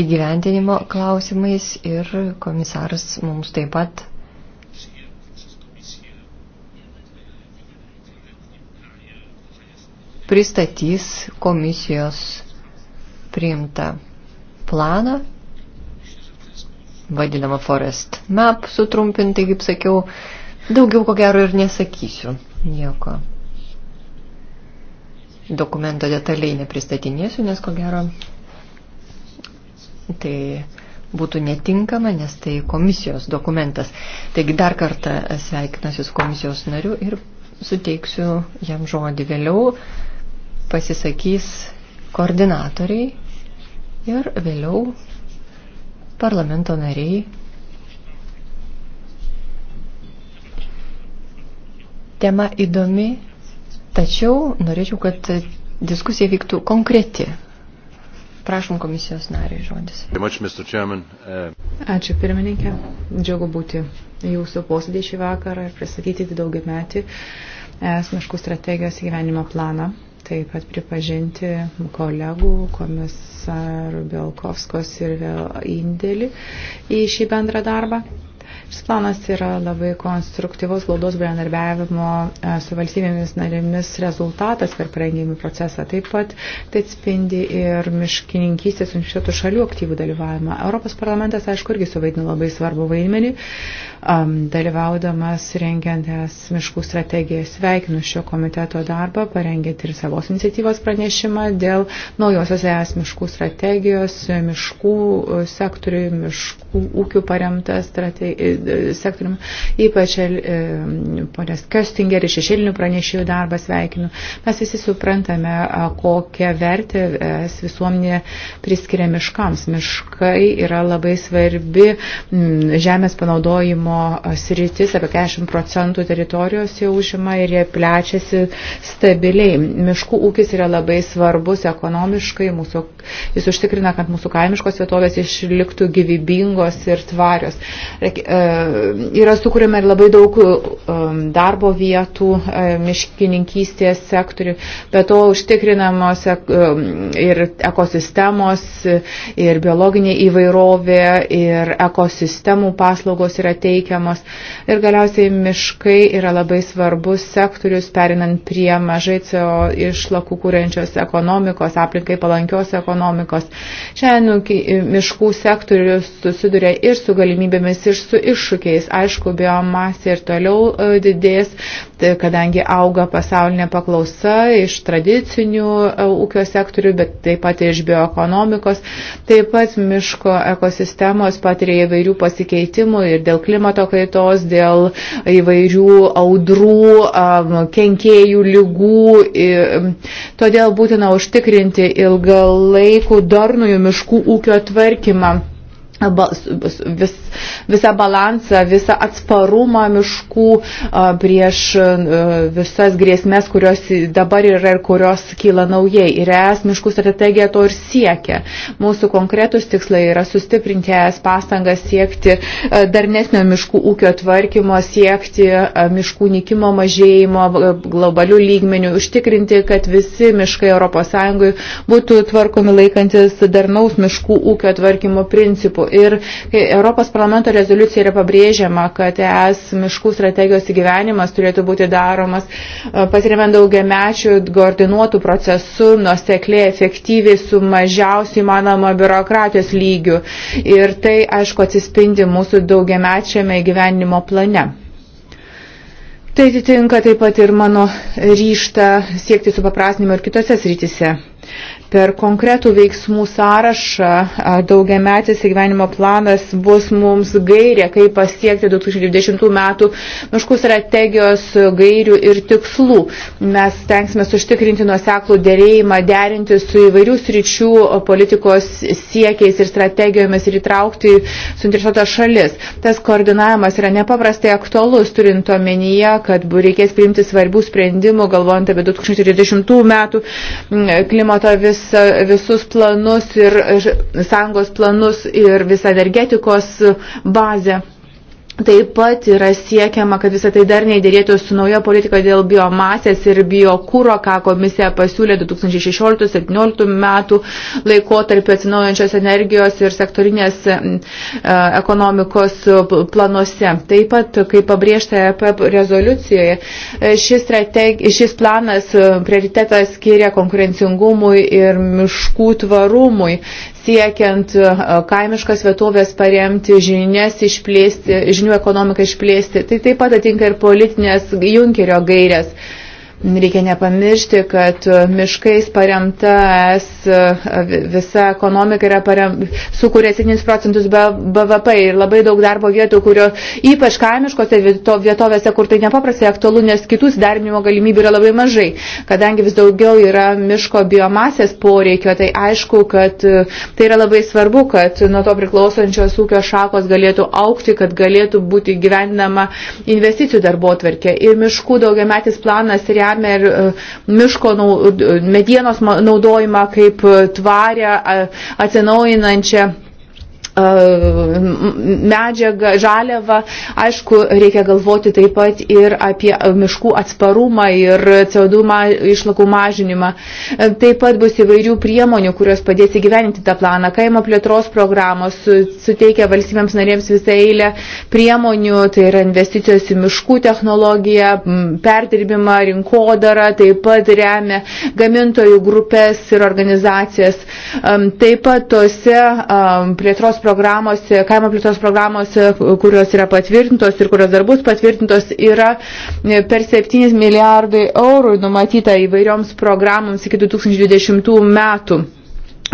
įgyvendinimo klausimais ir komisaras mums taip pat pristatys komisijos priimtą planą, vadinamą Forest Map sutrumpintai, kaip sakiau, daugiau ko gero ir nesakysiu nieko. Dokumento detaliai nepristatinėsiu, nes ko gero tai būtų netinkama, nes tai komisijos dokumentas. Taigi dar kartą sveikinasi su komisijos nariu ir suteiksiu jam žodį vėliau pasisakys koordinatoriai ir vėliau parlamento nariai. Tema įdomi, tačiau norėčiau, kad diskusija vyktų konkreti. Prašom komisijos nariai žodis. Uh, Ačiū pirmininkė. Džiugu būti jūsų posėdį šį vakarą ir pristatyti daugiametį es miškų strategijos gyvenimo planą taip pat pripažinti kolegų, komisarų Bielkovskos ir vėl indėlį į šį bendrą darbą. Šis planas yra labai konstruktyvus glaudos bendarbiavimo e, su valstybėmis narėmis rezultatas per parengimį procesą. Taip pat tai atspindi ir miškininkystės universitetų šalių aktyvų dalyvavimą. Europos parlamentas, aišku, irgi suvaidino labai svarbu vaidmenį, um, dalyvaudamas rengiant es miškų strategiją. Sveikinu šio komiteto darbą, parengėt ir savos iniciatyvos pranešimą dėl naujosios es miškų strategijos, miškų e, sektoriui, miškų ūkių paremta strategija sektoriumi, ypač e, ponės Köstinger ir šešėlinių pranešėjų darbą sveikinu. Mes visi suprantame, kokią vertę e, visuomenė priskiria miškams. Miškai yra labai svarbi žemės panaudojimo sritis, apie 40 procentų teritorijos jau užima ir jie plečiasi stabiliai. Miškų ūkis yra labai svarbus ekonomiškai, mūsų, jis užtikrina, kad mūsų kaimiškos vietovės išliktų gyvybingos ir tvarios. Reikia, e, yra sukūrėme ir labai daug um, darbo vietų e, miškininkystės sektorių, bet to užtikrinamos e, um, ir ekosistemos, ir biologinė įvairovė, ir ekosistemų paslaugos yra teikiamos. Ir galiausiai miškai yra labai svarbus sektorius, perinant prie mažai CO išlakų kūrenčios ekonomikos, aplinkai palankios ekonomikos. Šiandien miškų sektorius susiduria ir su galimybėmis, ir su iššūkiais iššūkiais. Aišku, biomasė ir toliau e, didės, tai kadangi auga pasaulinė paklausa iš tradicinių e, ūkio sektorių, bet taip pat ir iš bioekonomikos. Taip pat miško ekosistemos patiria įvairių pasikeitimų ir dėl klimato kaitos, dėl įvairių audrų, kenkėjų, lygų. Todėl būtina užtikrinti ilgalaikų darnųjų miškų ūkio tvarkymą vis, visą balansą, visą atsparumą miškų prieš visas grėsmės, kurios dabar yra ir kurios kyla naujai. Ir ES miškų strategija to ir siekia. Mūsų konkretus tikslai yra sustiprinti ES pastangas siekti darnesnio miškų ūkio tvarkymo, siekti miškų nikimo mažėjimo globalių lygmenių, užtikrinti, kad visi miškai ES būtų tvarkomi laikantis darnaus miškų ūkio tvarkymo principų Ir Europos parlamento rezoliucija yra pabrėžiama, kad ES miškų strategijos įgyvenimas turėtų būti daromas e, pasiremiant daugiamečių koordinuotų procesų, nuosekliai, efektyviai, su mažiausiai manoma biurokratijos lygiu. Ir tai, aišku, atsispindi mūsų daugiamečiame įgyvenimo plane. Tai atitinka taip pat ir mano ryštą siekti supaprasnimo ir kitose srityse. Per konkretų veiksmų sąrašą daugiametis įgyvenimo planas bus mums gairė, kaip pasiekti 2020 metų miškų strategijos gairių ir tikslų. Mes tenksime užtikrinti nuoseklų dėrėjimą, derinti su įvairių sričių politikos siekiais ir strategijomis ir įtraukti suinteresuotas šalis. Tas koordinavimas yra nepaprastai aktualus, turint omenyje, kad reikės priimti svarbių sprendimų, galvojant apie 2030 metų klimato vis visa, visus planus ir sąjungos planus ir visą energetikos bazę. Taip pat yra siekiama, kad visą tai dar neįdėrėtų su nauja politika dėl biomasės ir biokūro, ką komisija pasiūlė 2016-2017 metų laikotarpį atsinaujančios energijos ir sektorinės e, ekonomikos planuose. Taip pat, kaip pabrėžta EP rezoliucijoje, e, šis, strategi, šis planas e, prioritetą skiria konkurencingumui ir miškų tvarumui siekiant e, kaimiškas vietovės paremti, žinias išplėsti, žinių ekonomiką išplėsti. Tai taip pat atinka ir politinės Junkerio gairės Reikia nepamiršti, kad miškais paremta es visa ekonomika yra parem, sukuria 7 procentus BVP ir labai daug darbo vietų, kurio ypač kaimiškose vietovėse, kur tai nepaprastai aktualu, nes kitus darbinimo galimybių yra labai mažai. Kadangi vis daugiau yra miško biomasės poreikio, tai aišku, kad tai yra labai svarbu, kad nuo to priklausančios ūkio šakos galėtų aukti, kad galėtų būti gyvendinama investicijų darbo tvarkė. Ir miškų daugiametis planas realiai remia ir e, miško e, medienos naudojimą kaip e, tvarę atsinaujinančią medžiagą, žaliavą. Aišku, reikia galvoti taip pat ir apie miškų atsparumą ir CO2 išlakų mažinimą. E, taip pat bus įvairių priemonių, kurios padės įgyveninti tą planą. Kaimo plėtros programos suteikia valstybėms narėms visą eilę priemonių, tai yra investicijos į miškų technologiją, perdirbimą, rinkodarą, taip pat remia gamintojų grupės ir organizacijas. Taip pat tose plėtros programose, kaimo plėtros programose, kurios yra patvirtintos ir kurios dar bus patvirtintos, yra e, per 7 milijardai eurų numatyta įvairioms programoms iki 2020 metų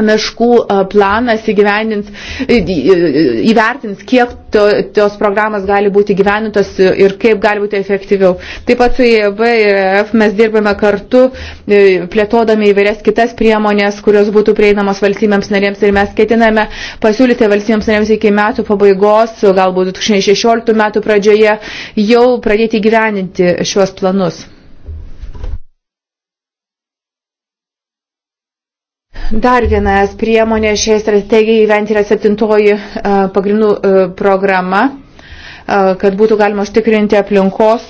miškų planas įgyvendins, įvertins, kiek to, tos programos gali būti gyvenintos ir kaip gali būti efektyviau. Taip pat su IEB ir EF mes dirbame kartu, e, plėtodami įvairias kitas priemonės, kurios būtų prieinamos valstybėms narėms ir mes ketiname pasiūlyti valstybėms narėms iki metų pabaigos, galbūt 2016 metų pradžioje, jau pradėti gyveninti šiuos planus. Dar vienas priemonė šiai strategijai įventi yra septintoji e, pagrindų e, programa kad būtų galima užtikrinti aplinkos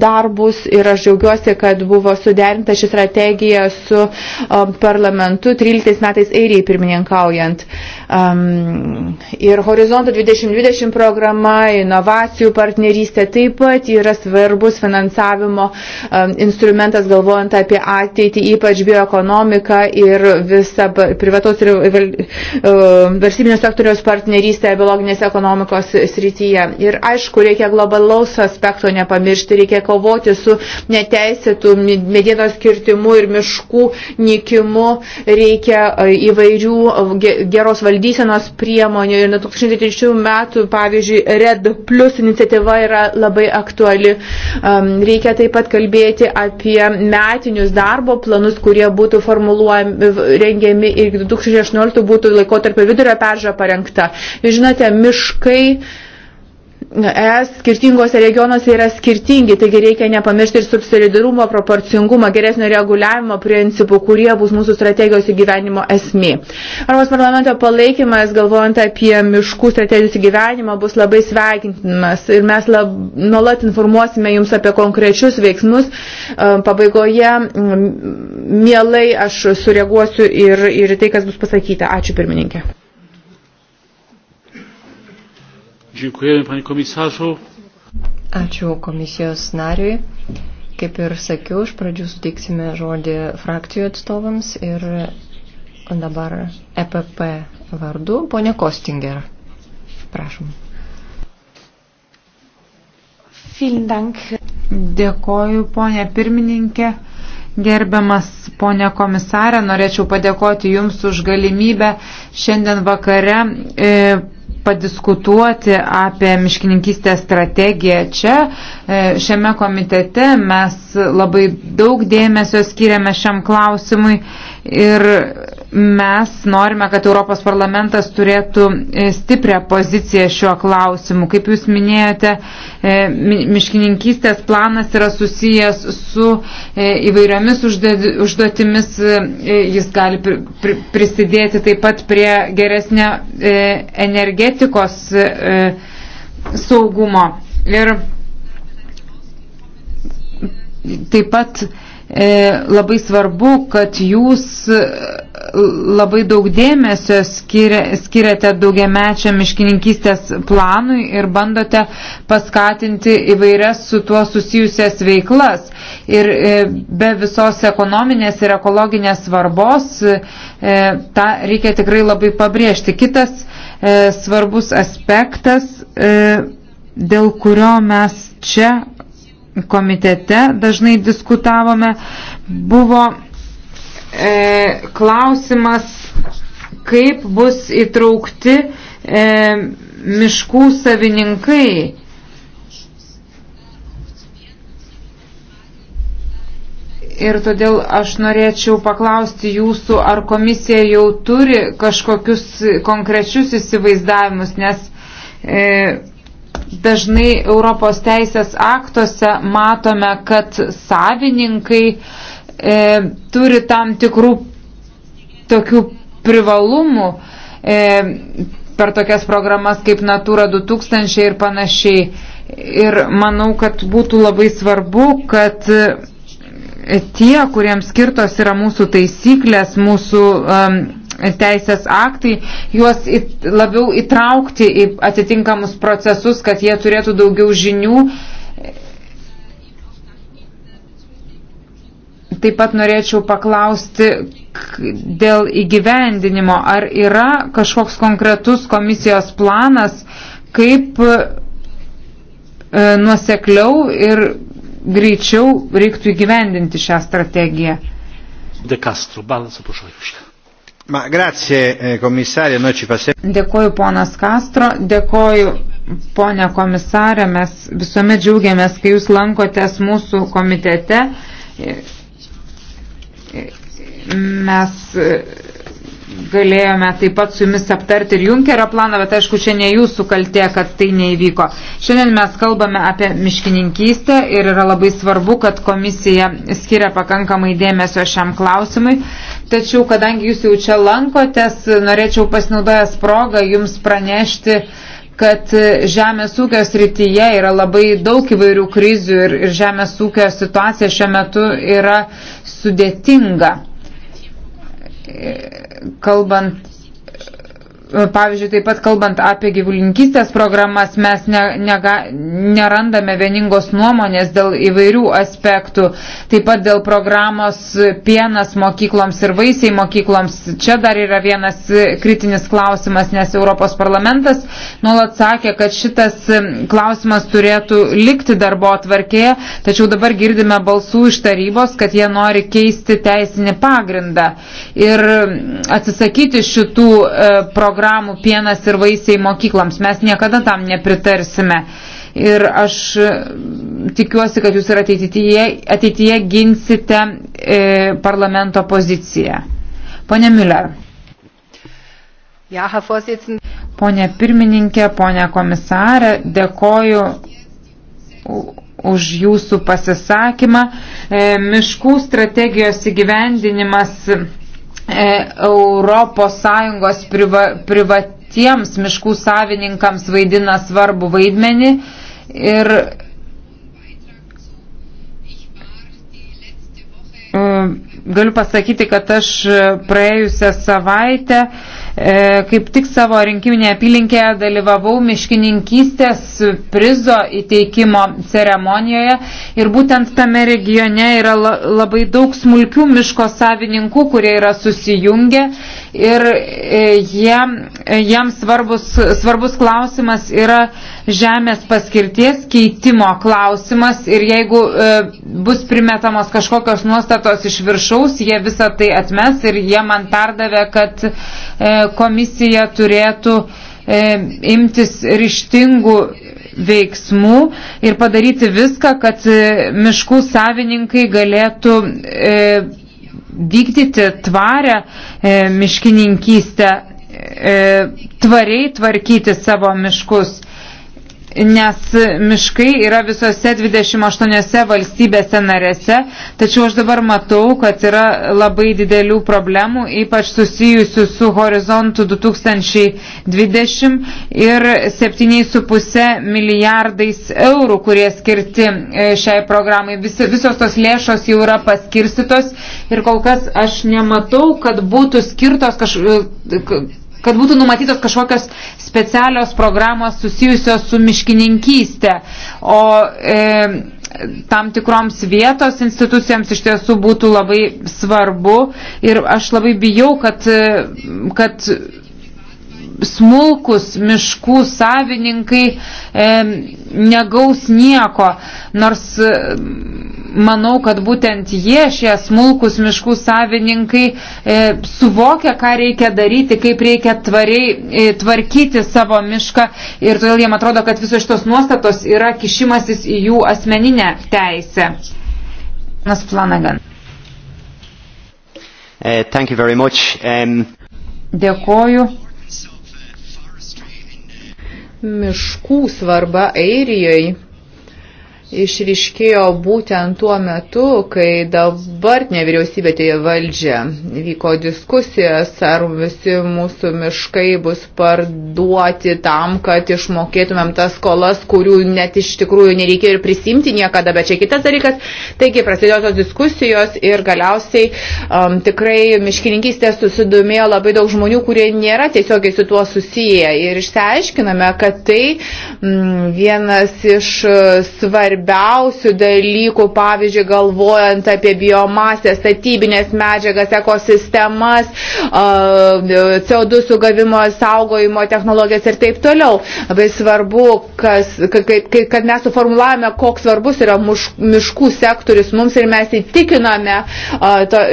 darbus ir aš džiaugiuosi, kad buvo suderinta ši strategija su parlamentu 13 metais airiai pirmininkaujant. Ir Horizonto 2020 programa, inovacijų partnerystė taip pat yra svarbus finansavimo instrumentas galvojant apie ateitį, ypač bioekonomiką ir visą privatos ir valstybinio sektoriaus partnerystę biologinės ekonomikos srityje. Ir Ir aišku, reikia globalaus aspekto nepamiršti, reikia kovoti su neteisėtų medienos kirtimu ir miškų nykimu, reikia e, įvairių e, geros valdysenos priemonių. Ir nuo 2003 metų, pavyzdžiui, Red Plus iniciatyva yra labai aktuali. Reikia taip pat kalbėti apie metinius darbo planus, kurie būtų formuluojami, rengiami ir 2016 būtų laikotarpio vidurio peržą parengta. Jūs žinote, miškai ES skirtingose regionuose yra skirtingi, taigi reikia nepamiršti ir subsidiarumo, proporcingumo, geresnio reguliavimo principų, kurie bus mūsų strategijos įgyvenimo esmė. Europos parlamento palaikymas, galvojant apie miškų strategijos įgyvenimą, bus labai sveikintinimas ir mes lab, nuolat informuosime jums apie konkrečius veiksmus. E, pabaigoje mielai aš sureaguosiu ir, ir tai, kas bus pasakyta. Ačiū pirmininkė. Dziękujemy, panie komisarzu. Ačiū komisijos nariui. Kaip ir sakiau, iš pradžių suteiksime žodį frakcijų atstovams ir dabar EPP vardu ponė Kostinger. Prašom. Dėkoju, ponė pirmininkė. Gerbiamas ponė komisarė, norėčiau padėkoti Jums už galimybę šiandien vakare. E, padiskutuoti apie miškininkystės strategiją. Čia e, šiame komitete mes labai daug dėmesio skiriame šiam klausimui ir mes norime, kad Europos parlamentas turėtų e, stiprią poziciją šiuo klausimu. Kaip jūs minėjote, e, miškininkystės planas yra susijęs su e, įvairiomis užduotimis, jis gali prisidėti taip pat prie geresnio energetikos saugumo. Ir taip pat labai svarbu, kad jūs labai daug dėmesio skiria, skiriate daugiamečiam miškininkystės planui ir bandote paskatinti įvairias su tuo susijusias veiklas. Ir e, be visos ekonominės ir ekologinės svarbos e, tą reikia tikrai labai pabrėžti. Kitas e, svarbus aspektas, dėl kurio mes čia komitete dažnai diskutavome, buvo e, klausimas, kaip bus įtraukti e, miškų savininkai. Ir todėl aš norėčiau paklausti jūsų, ar komisija jau turi kažkokius konkrečius įsivaizdavimus, nes e, dažnai Europos teisės aktuose matome, kad savininkai e, e, turi tam tikrų tokių privalumų e, per tokias programas kaip Natura 2000 ir panašiai. Ir manau, kad būtų labai svarbu, kad e, tie, kuriems skirtos yra mūsų taisyklės, mūsų um, teisės aktai, juos labiau įtraukti į atitinkamus procesus, kad jie turėtų daugiau žinių, uh, Taip pat norėčiau paklausti dėl įgyvendinimo, ar yra kažkoks konkretus komisijos planas, kaip e, nuosekliau ir greičiau reiktų įgyvendinti šią strategiją. De Castro, balas, Ma, grazie, komisarė, e, noi ci passiamo. Dėkoju ponas Castro, dėkoju ponė komisarė, mes visuomet džiaugiamės, kai jūs lankotės mūsų komitete. Mes e, galėjome taip pat su jumis aptarti ir Junkerio planą, bet aišku, čia ne jūsų kaltė, kad tai neįvyko. Šiandien mes kalbame apie miškininkystę ir yra labai svarbu, kad komisija skiria pakankamai dėmesio šiam klausimui. Tačiau, kadangi jūs jau čia lankotės, norėčiau pasinaudojęs progą jums pranešti, kad žemės ūkio srityje yra labai daug įvairių krizių ir, ir žemės ūkio situacija šiuo metu yra sudėtinga kalbant E, pavyzdžiui, taip pat kalbant apie gyvulinkystės programas, mes ne, nega, nerandame vieningos nuomonės dėl įvairių aspektų. Taip pat dėl programos pienas mokykloms ir vaisiai mokykloms. Čia dar yra vienas kritinis klausimas, nes Europos parlamentas nuolat sakė, kad šitas klausimas turėtų likti darbo atvarkėje, tačiau dabar girdime balsų iš tarybos, kad jie nori keisti teisinį pagrindą ir atsisakyti šitų e, programų programų pienas ir vaisiai mokykloms. Mes niekada tam nepritarsime. Ir aš e, tikiuosi, kad jūs ir ateityje, ateityje ginsite e, parlamento poziciją. Pone Miller. Ja, Pone pirmininkė, pone komisarė, dėkoju už jūsų pasisakymą. E, miškų strategijos įgyvendinimas E, Europos Sąjungos priva, privatiems miškų savininkams vaidina svarbu vaidmenį ir e, galiu pasakyti, kad aš praėjusią savaitę E, kaip tik savo rinkiminėje apylinkėje dalyvavau miškininkystės prizo įteikimo ceremonijoje ir būtent tame regione yra labai daug smulkių miško savininkų, kurie yra susijungę ir e, jie, e, jiems svarbus, svarbus klausimas yra žemės paskirties keitimo klausimas ir jeigu e, bus primetamos kažkokios nuostatos iš viršaus, jie visą tai atmes ir jie man perdavė, kad e, komisija turėtų e, imtis ryštingų veiksmų ir padaryti viską, kad e, miškų savininkai galėtų e, vykdyti tvarę e, miškininkystę, e, tvariai tvarkyti savo miškus nes miškai yra visose 28 valstybėse narėse, tačiau aš dabar matau, kad yra labai didelių problemų, ypač susijusių su horizontu 2020 ir 7,5 milijardais eurų, kurie skirti e, šiai programai. Vis, visos tos lėšos jau yra paskirstytos ir kol kas aš nematau, kad būtų skirtos kažkokios e, kad būtų numatytos kažkokios specialios programos susijusios su miškininkystė, o e, tam tikroms vietos institucijoms iš tiesų būtų labai svarbu ir aš labai bijau, kad, kad smulkus miškų savininkai e, negaus nieko, nors e, manau, kad būtent jie, šie smulkus miškų savininkai, e, suvokia, ką reikia daryti, kaip reikia tvariai e, tvarkyti savo mišką ir todėl jiem atrodo, kad visos šitos nuostatos yra kišimasis į jų asmeninę teisę. Nas Flanagan. Uh, thank you very much. Um... Dėkoju miškų svarba Airijoje išriškėjo būtent tuo metu, kai dabartinė vyriausybė atėjo valdžią. Vyko diskusijas, ar visi mūsų miškai bus parduoti tam, kad išmokėtumėm tas skolas, kurių net iš tikrųjų nereikėjo ir prisimti niekada, bet čia kitas dalykas. Taigi prasidėjo tos diskusijos ir galiausiai um, tikrai miškininkystės susidomėjo labai daug žmonių, kurie nėra tiesiogiai su tuo susiję. Ir išsiaiškiname, kad tai m, mm, vienas iš uh, svarbiausių svarbiausių dalykų, pavyzdžiui, galvojant apie biomasę, statybinės medžiagas, ekosistemas, CO2 sugavimo, saugojimo technologijas ir taip toliau. Labai svarbu, kas, kad mes suformulavome, koks svarbus yra miškų sektorius mums ir mes įtikiname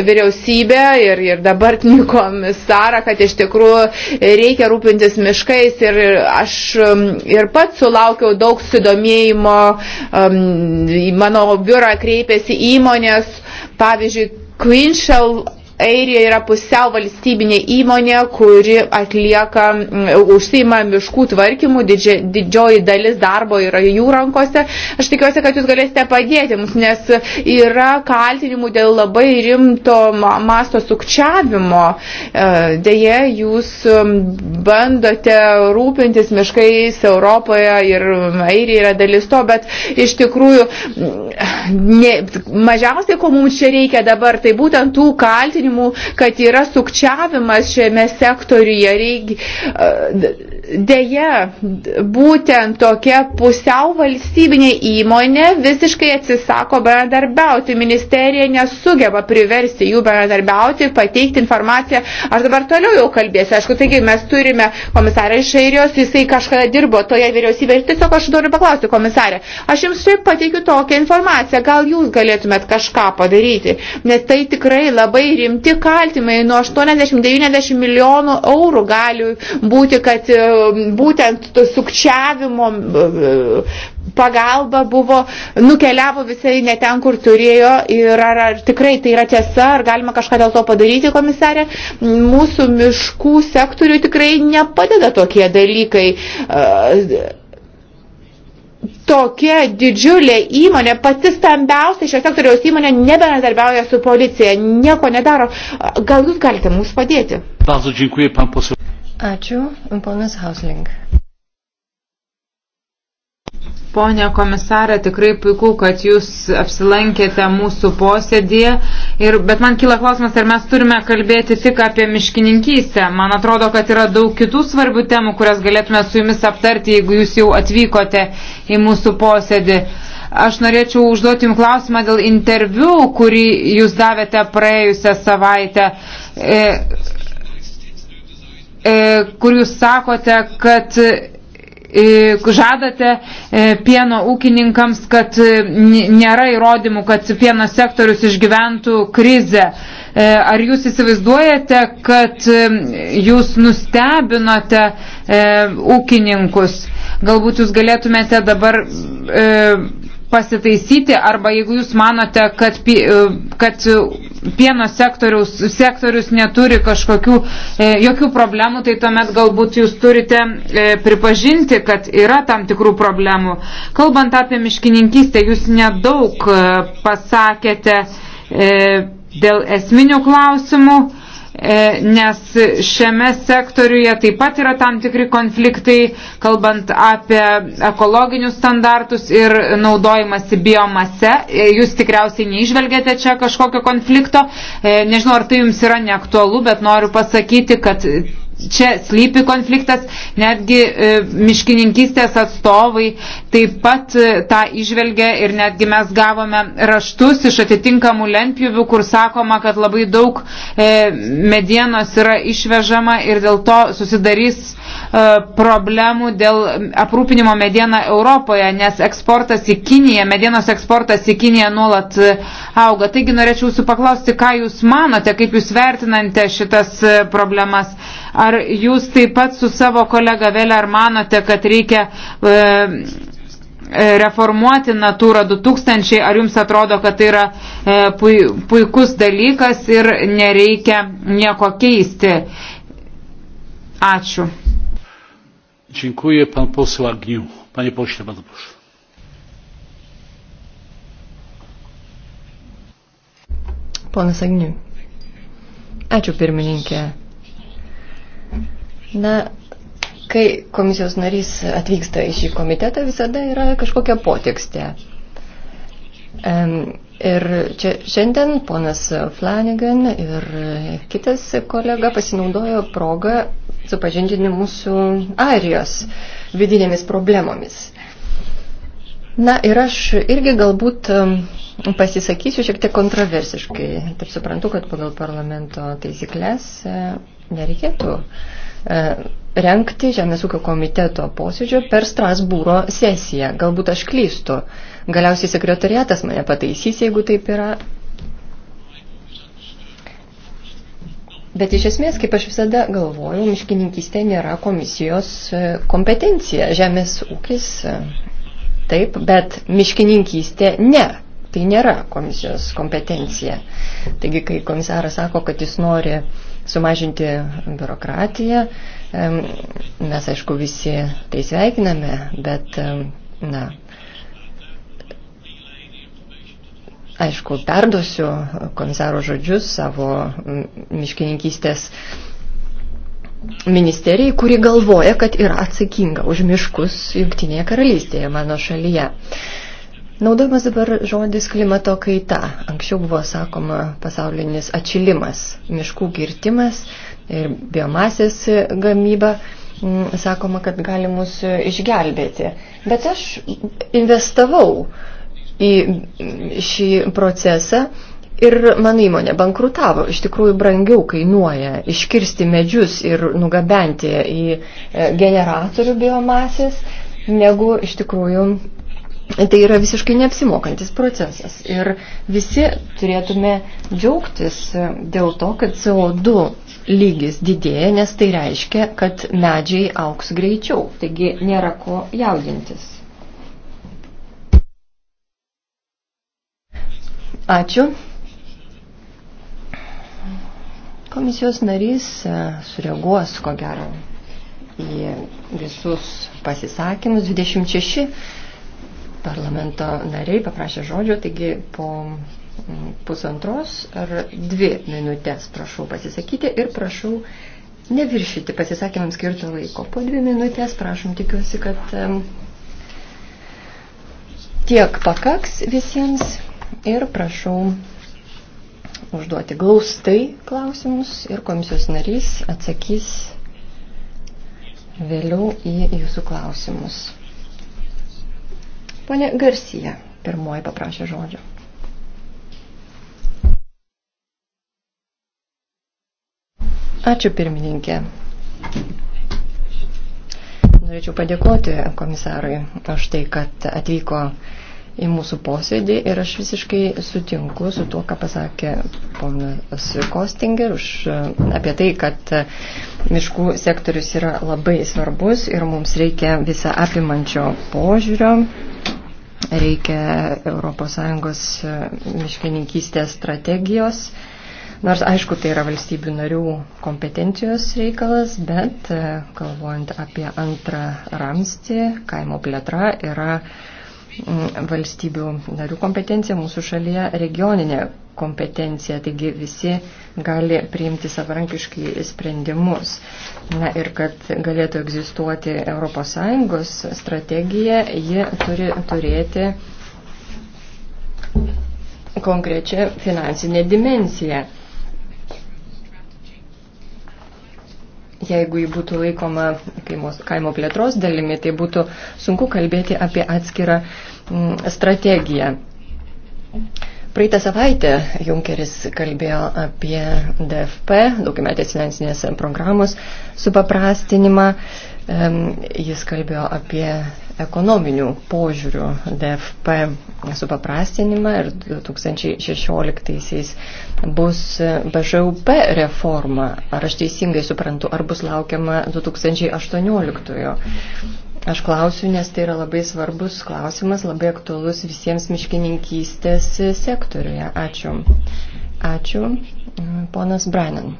vyriausybę ir, ir dabartinį komisarą, kad iš tikrųjų reikia rūpintis miškais ir aš ir pats sulaukiau daug sudomėjimo Um, į mano biurą kreipėsi įmonės, pavyzdžiui, Quinshell Airija yra pusiau valstybinė įmonė, kuri atlieka, mm, užsima miškų tvarkymų, didži, didžioji dalis darbo yra jų rankose. Aš tikiuosi, kad jūs galėsite padėti mums, nes yra kaltinimų dėl labai rimto masto sukčiavimo. E, Deja, jūs bandote rūpintis miškais Europoje ir Airija yra dalis to, bet iš tikrųjų ne, mažiausiai, ko mums čia reikia dabar, tai būtent tų kaltinimų įrodymų, kad yra sukčiavimas šiame sektoriuje. Reik, e, deja, būtent tokia pusiau valstybinė įmonė visiškai atsisako bendradarbiauti. Ministerija nesugeba priversti jų bendradarbiauti, pateikti informaciją. Aš dabar toliau jau kalbėsiu. Aišku, taigi mes turime komisarą iš Airijos, jisai kažkada dirbo toje vyriausybėje ir tiesiog aš noriu paklausti komisarė. Aš jums šiaip pateikiu tokią informaciją, gal jūs galėtumėt kažką padaryti, nes tai tikrai labai rimta rimti kaltimai nuo 80-90 milijonų eurų gali būti, kad e, būtent sukčiavimo e, pagalba buvo, nukeliavo visai ne ten, kur turėjo ir ar, ar tikrai tai yra tiesa, ar galima kažką dėl to padaryti, komisarė. Mūsų miškų sektoriui tikrai nepadeda tokie dalykai. Uh, tokia didžiulė įmonė, pati stambiausia šio sektoriaus įmonė, nebenadarbiauja su policija, nieko nedaro. Gal jūs galite mums padėti? Ačiū, ponas Hausling. Pone komisarė, tikrai puiku, kad jūs apsilankėte mūsų posėdėje, ir, bet man kyla klausimas, ar mes turime kalbėti tik apie miškininkystę. Man atrodo, kad yra daug kitų svarbių temų, kurias galėtume su jumis aptarti, jeigu jūs jau atvykote į mūsų posėdį. Aš norėčiau užduoti jums klausimą dėl interviu, kurį jūs davėte praėjusią savaitę. E, e, kur jūs sakote, kad E, žadate e, pieno ūkininkams, kad e, nėra įrodymų, kad pieno sektorius išgyventų krizę. Ar jūs įsivaizduojate, kad jūs nustebinote ūkininkus? Galbūt jūs galėtumėte dabar pasitaisyti arba jeigu jūs manote, kad, e, kad e, pieno sektorius, sektorius neturi kažkokių, e, jokių problemų, tai tuomet galbūt jūs turite pripažinti, kad yra tam tikrų problemų. Kalbant apie miškininkystę, jūs nedaug pasakėte dėl esminių klausimų E, nes šiame sektoriuje taip pat yra tam tikri konfliktai, kalbant apie ekologinius standartus ir naudojimasi biomase. E, jūs tikriausiai neižvelgėte čia kažkokio konflikto. E, nežinau, ar tai jums yra neaktualu, bet noriu pasakyti, kad čia slypi konfliktas, netgi e, miškininkystės atstovai taip pat e, tą išvelgia ir netgi mes gavome raštus iš atitinkamų lentpjūvių, kur sakoma, kad labai daug e, medienos yra išvežama ir dėl to susidarys e, problemų dėl aprūpinimo medieną Europoje, nes eksportas į Kiniją, medienos eksportas į Kiniją nuolat e, auga. Taigi norėčiau jūsų paklausti, ką jūs manote, kaip jūs vertinate šitas e, problemas. Ar jūs taip pat su savo kolega Veler manote, kad reikia e, e reformuoti Natūrą 2000, ar jums atrodo, kad tai yra e, puikus dalykas ir nereikia nieko keisti? Ačiū. Dziękuję pan poseł Agniu. Panie pośle, bardzo proszę. Ponas Agniu. Ačiū pirmininkė. Na, kai komisijos narys atvyksta į šį komitetą, visada yra kažkokia potekstė. Ir čia šiandien ponas Flanagan ir kitas kolega pasinaudojo progą supažindinti mūsų Airijos vidinėmis problemomis. Na ir aš irgi galbūt pasisakysiu šiek tiek kontroversiškai. Taip suprantu, kad pagal parlamento taisyklės nereikėtų uh, E, renkti Žemės ūkio komiteto posėdžio per Strasbūro sesiją. Galbūt aš klystu. Galiausiai sekretariatas mane pataisys, jeigu taip yra. Bet iš esmės, kaip aš visada galvojau, miškininkystė nėra komisijos e, kompetencija. Žemės ūkis e, taip, bet miškininkystė ne. Tai nėra komisijos kompetencija. Taigi, kai komisaras sako, kad jis nori uh, sumažinti biurokratiją. Mes, aišku, visi tai sveikiname, bet, na, aišku, perduosiu komisaro žodžius savo miškininkystės ministerijai, kuri galvoja, kad yra atsakinga už miškus Junktinėje karalystėje, mano šalyje. Uh, Naudojamas dabar žodis klimato kaita. Anksčiau buvo sakoma pasaulinis atšilimas, miškų girtimas ir biomasės gamyba. Mm, sakoma, kad gali mus išgelbėti. Bet aš investavau į šį procesą ir mano įmonė bankrutavo. Iš tikrųjų brangiau kainuoja iškirsti medžius ir nugabenti į e, generatorių biomasės, negu iš tikrųjų Tai yra visiškai neapsimokantis procesas ir visi turėtume džiaugtis dėl to, kad CO2 lygis didėja, nes tai reiškia, kad medžiai auks greičiau, taigi nėra ko jaudintis. Ačiū. Komisijos narys e, sureaguos, ko gero, į visus pasisakymus 26 parlamento nariai paprašė žodžio, taigi po mm, pusantros ar dvi minutės prašau pasisakyti ir prašau neviršyti pasisakymams skirto laiko. Po dvi minutės prašom, tikiuosi, kad tiek pakaks visiems ir prašau užduoti glaustai klausimus ir komisijos narys atsakys vėliau į jūsų klausimus. Pone Garsija pirmoji paprašė žodžio. Ačiū pirmininkė. Norėčiau padėkoti komisarui už tai, kad atvyko į mūsų posėdį ir aš visiškai sutinku su tuo, ką pasakė ponas Kostinger už, e, apie tai, kad e, miškų sektorius yra labai svarbus ir mums reikia visą apimančio požiūrio. Reikia ES e, miškininkystės strategijos. Nors, aišku, tai yra valstybių narių kompetencijos reikalas, bet galvojant apie antrą ramstį, kaimo plėtra yra uh, Mm, valstybių narių kompetencija, mūsų šalyje regioninė kompetencija, taigi visi gali priimti savarankiškai sprendimus. Na ir kad galėtų egzistuoti ES strategija, ji turi turėti konkrečią finansinę dimensiją. Jeigu jį būtų laikoma kaimo plėtros dalimi, tai būtų sunku kalbėti apie atskirą mm, strategiją. Praeitą savaitę Junkeris kalbėjo apie DFP, daugiametės finansinės programos supaprastinimą. Jis kalbėjo apie ekonominių požiūrių DFP supaprastinimą ir 2016-aisiais bus BŽUP reforma. Ar aš teisingai suprantu, ar bus laukiama 2018-ojo? Aš klausiu, nes tai yra labai svarbus klausimas, labai aktualus visiems miškininkystės sektoriuje. Ačiū. Ačiū, ponas Brennan.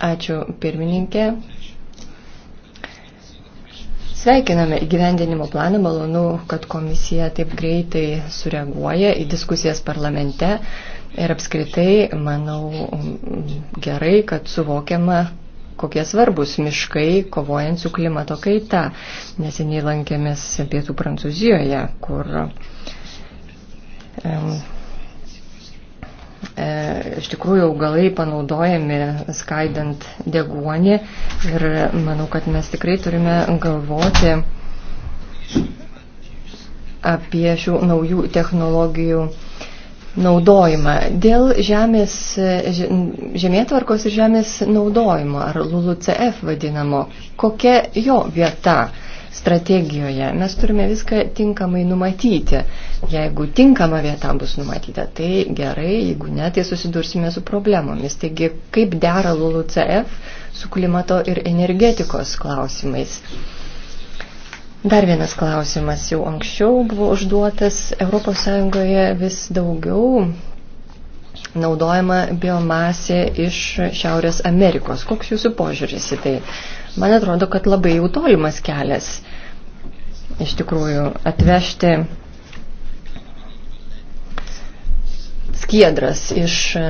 Ačiū pirmininkė. Sveikiname įgyvendinimo planą, malonu, kad komisija taip greitai sureaguoja į diskusijas parlamente ir apskritai, manau, gerai, kad suvokiama, kokie svarbus miškai kovojant su klimato kaita. Neseniai lankėmės pietų Prancūzijoje, kur um, E, iš tikrųjų augalai panaudojami skaidant deguonį ir manau, kad mes tikrai turime galvoti apie šių naujų technologijų naudojimą. Dėl žemės, žemėtvarkos ir žemės naudojimo, ar LULUCF vadinamo, kokia jo vieta? strategijoje. Mes turime viską tinkamai numatyti. Jeigu tinkama vieta bus numatyta, tai gerai, jeigu ne, tai susidursime su problemomis. Taigi, kaip dera LULUCF su klimato ir energetikos klausimais? Dar vienas klausimas jau anksčiau buvo užduotas. ES vis daugiau naudojama biomasė iš Šiaurės Amerikos. Koks jūsų požiūris į tai? Man atrodo, kad labai jau tolimas kelias iš tikrųjų atvežti skiedras iš e,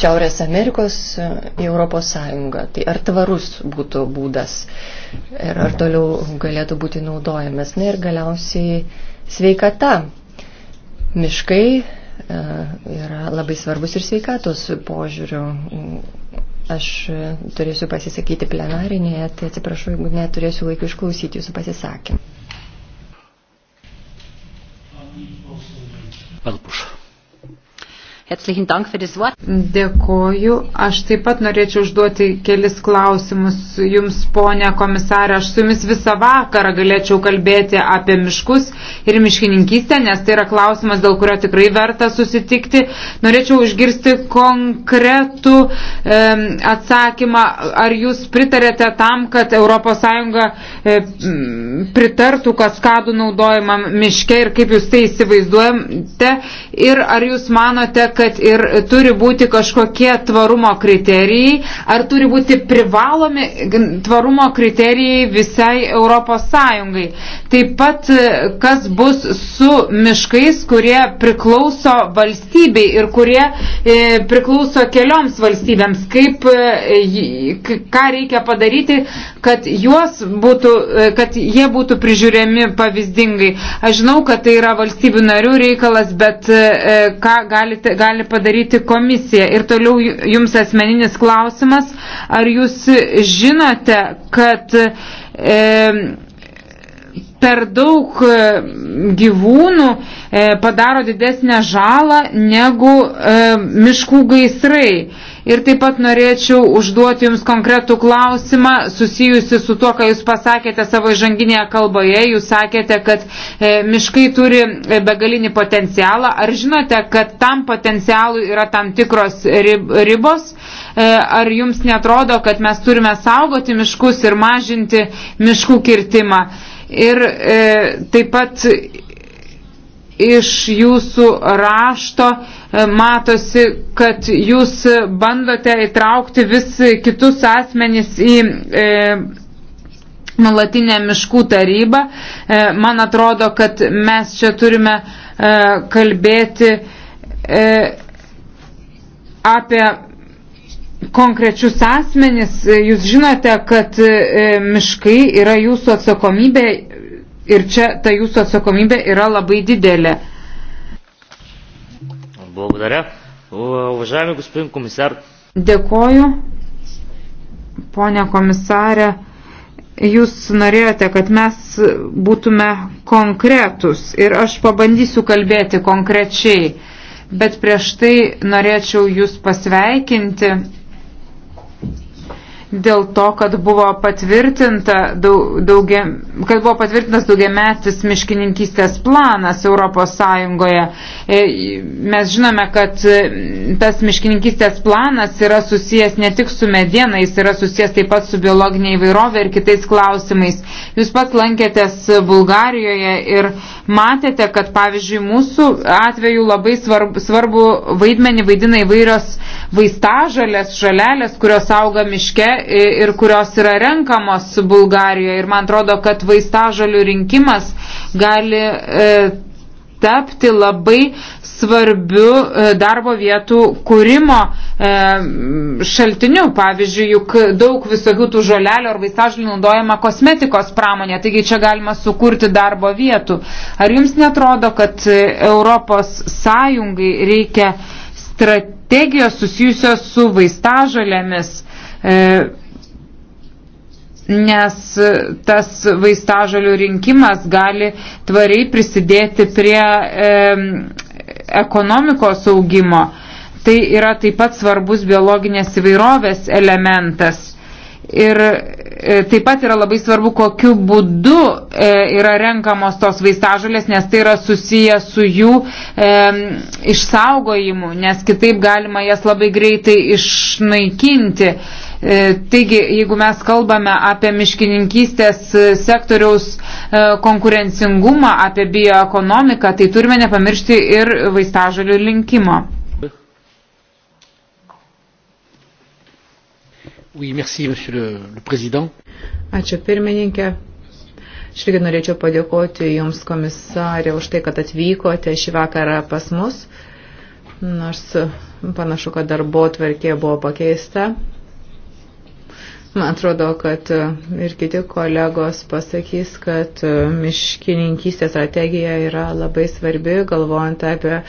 Šiaurės Amerikos e, į Europos Sąjungą. Tai ar tvarus būtų būdas ir ar toliau galėtų būti naudojamas. Na ir galiausiai sveikata. Miškai e, yra labai svarbus ir sveikatos požiūrių. Aš e, turėsiu pasisakyti plenarinėje, tai atsiprašau, jeigu neturėsiu laiko išklausyti jūsų pasisakymą. Pan Puša. Dėkoju. Aš taip pat norėčiau užduoti kelis klausimus jums, ponė komisarė. Aš su jumis visą vakarą galėčiau kalbėti apie miškus ir miškininkystę, nes tai yra klausimas, dėl kurio tikrai verta susitikti. Norėčiau užgirsti konkretų e, atsakymą, ar jūs pritarėte tam, kad ES e, pritartų kaskadų naudojimam miške ir kaip jūs tai įsivaizduojate ir ar jūs manote, kad ir turi būti kažkokie tvarumo kriterijai, ar turi būti privalomi tvarumo kriterijai visai Europos Sąjungai. Taip pat, e, kas bus su miškais, kurie priklauso valstybei ir kurie e, priklauso kelioms valstybėms, kaip, e, ką reikia padaryti, kad, būtų, e, kad jie būtų prižiūrėmi pavyzdingai. Aš žinau, kad tai yra valstybių narių reikalas, bet e, e ką galite, galite gali padaryti komisija. Ir toliau jums asmeninis klausimas, ar jūs žinote, kad e, per daug e, gyvūnų e, padaro didesnę žalą negu e, miškų gaisrai. Ir taip pat norėčiau užduoti Jums konkretų klausimą susijusi su tuo, ką Jūs pasakėte savo įžanginėje kalboje. Jūs sakėte, kad e, miškai turi e, begalinį potencialą. Ar žinote, kad tam potencialui yra tam tikros rib, ribos? E, ar Jums netrodo, kad mes turime saugoti miškus ir mažinti miškų kirtimą? Ir e, taip pat iš jūsų rašto e, matosi, kad jūs bandote įtraukti vis kitus asmenys į e, nulatinę miškų tarybą. E, man atrodo, kad mes čia turime e, kalbėti e, apie konkrečius asmenis. Jūs žinote, kad e, miškai yra jūsų atsakomybė Ir čia ta jūsų atsakomybė yra labai didelė. Благодаря. Уважаеми господин комисар. Dėkoju, ponė komisarė. Jūs norėjote, kad mes būtume konkretus ir aš pabandysiu kalbėti konkrečiai, bet prieš tai norėčiau jūs pasveikinti dėl to, kad buvo, patvirtinta daug, daugia, kad buvo patvirtintas daugiametis miškininkystės planas Europos Sąjungoje. E, mes žinome, kad e, tas miškininkystės planas yra susijęs ne tik su mediena, jis yra susijęs taip pat su biologinė įvairovė ir kitais klausimais. Jūs pats lankėtės Bulgarijoje ir matėte, kad pavyzdžiui mūsų atveju labai svarbu, svarbu vaidmenį vaidina įvairios vaistažalės, žalelės, kurios auga miške ir kurios yra renkamos Bulgarijoje. Ir man atrodo, kad vaistažolių rinkimas gali e, tapti labai svarbiu e, darbo vietų kūrimo e, šaltiniu. Pavyzdžiui, juk daug visokių tų žolelių ar vaistažolių naudojama kosmetikos pramonė, taigi čia galima sukurti darbo vietų. Ar jums netrodo, kad Europos Sąjungai reikia strategijos susijusios su vaistažolėmis? E, nes tas vaistažolių rinkimas gali tvariai prisidėti prie e, ekonomikos augimo. Tai yra taip pat svarbus biologinės įvairovės elementas. Ir e, taip pat yra labai svarbu, kokiu būdu e, yra renkamos tos vaistažolės, nes tai yra susiję su jų e, išsaugojimu, nes kitaip galima jas labai greitai išnaikinti. E, E, taigi, jeigu mes kalbame apie miškininkystės e, sektoriaus e, konkurencingumą, apie bioekonomiką, tai turime nepamiršti ir vaistažalių linkimo. Oui, merci, le, le Ačiū pirmininkė. Aš irgi norėčiau padėkoti Jums, komisarė, už tai, kad atvykote šį vakarą pas mus. Nors panašu, kad darbo tvarkė buvo pakeista Man atrodo, kad e, ir kiti kolegos pasakys, kad e, miškininkystės strategija yra labai svarbi, galvojant apie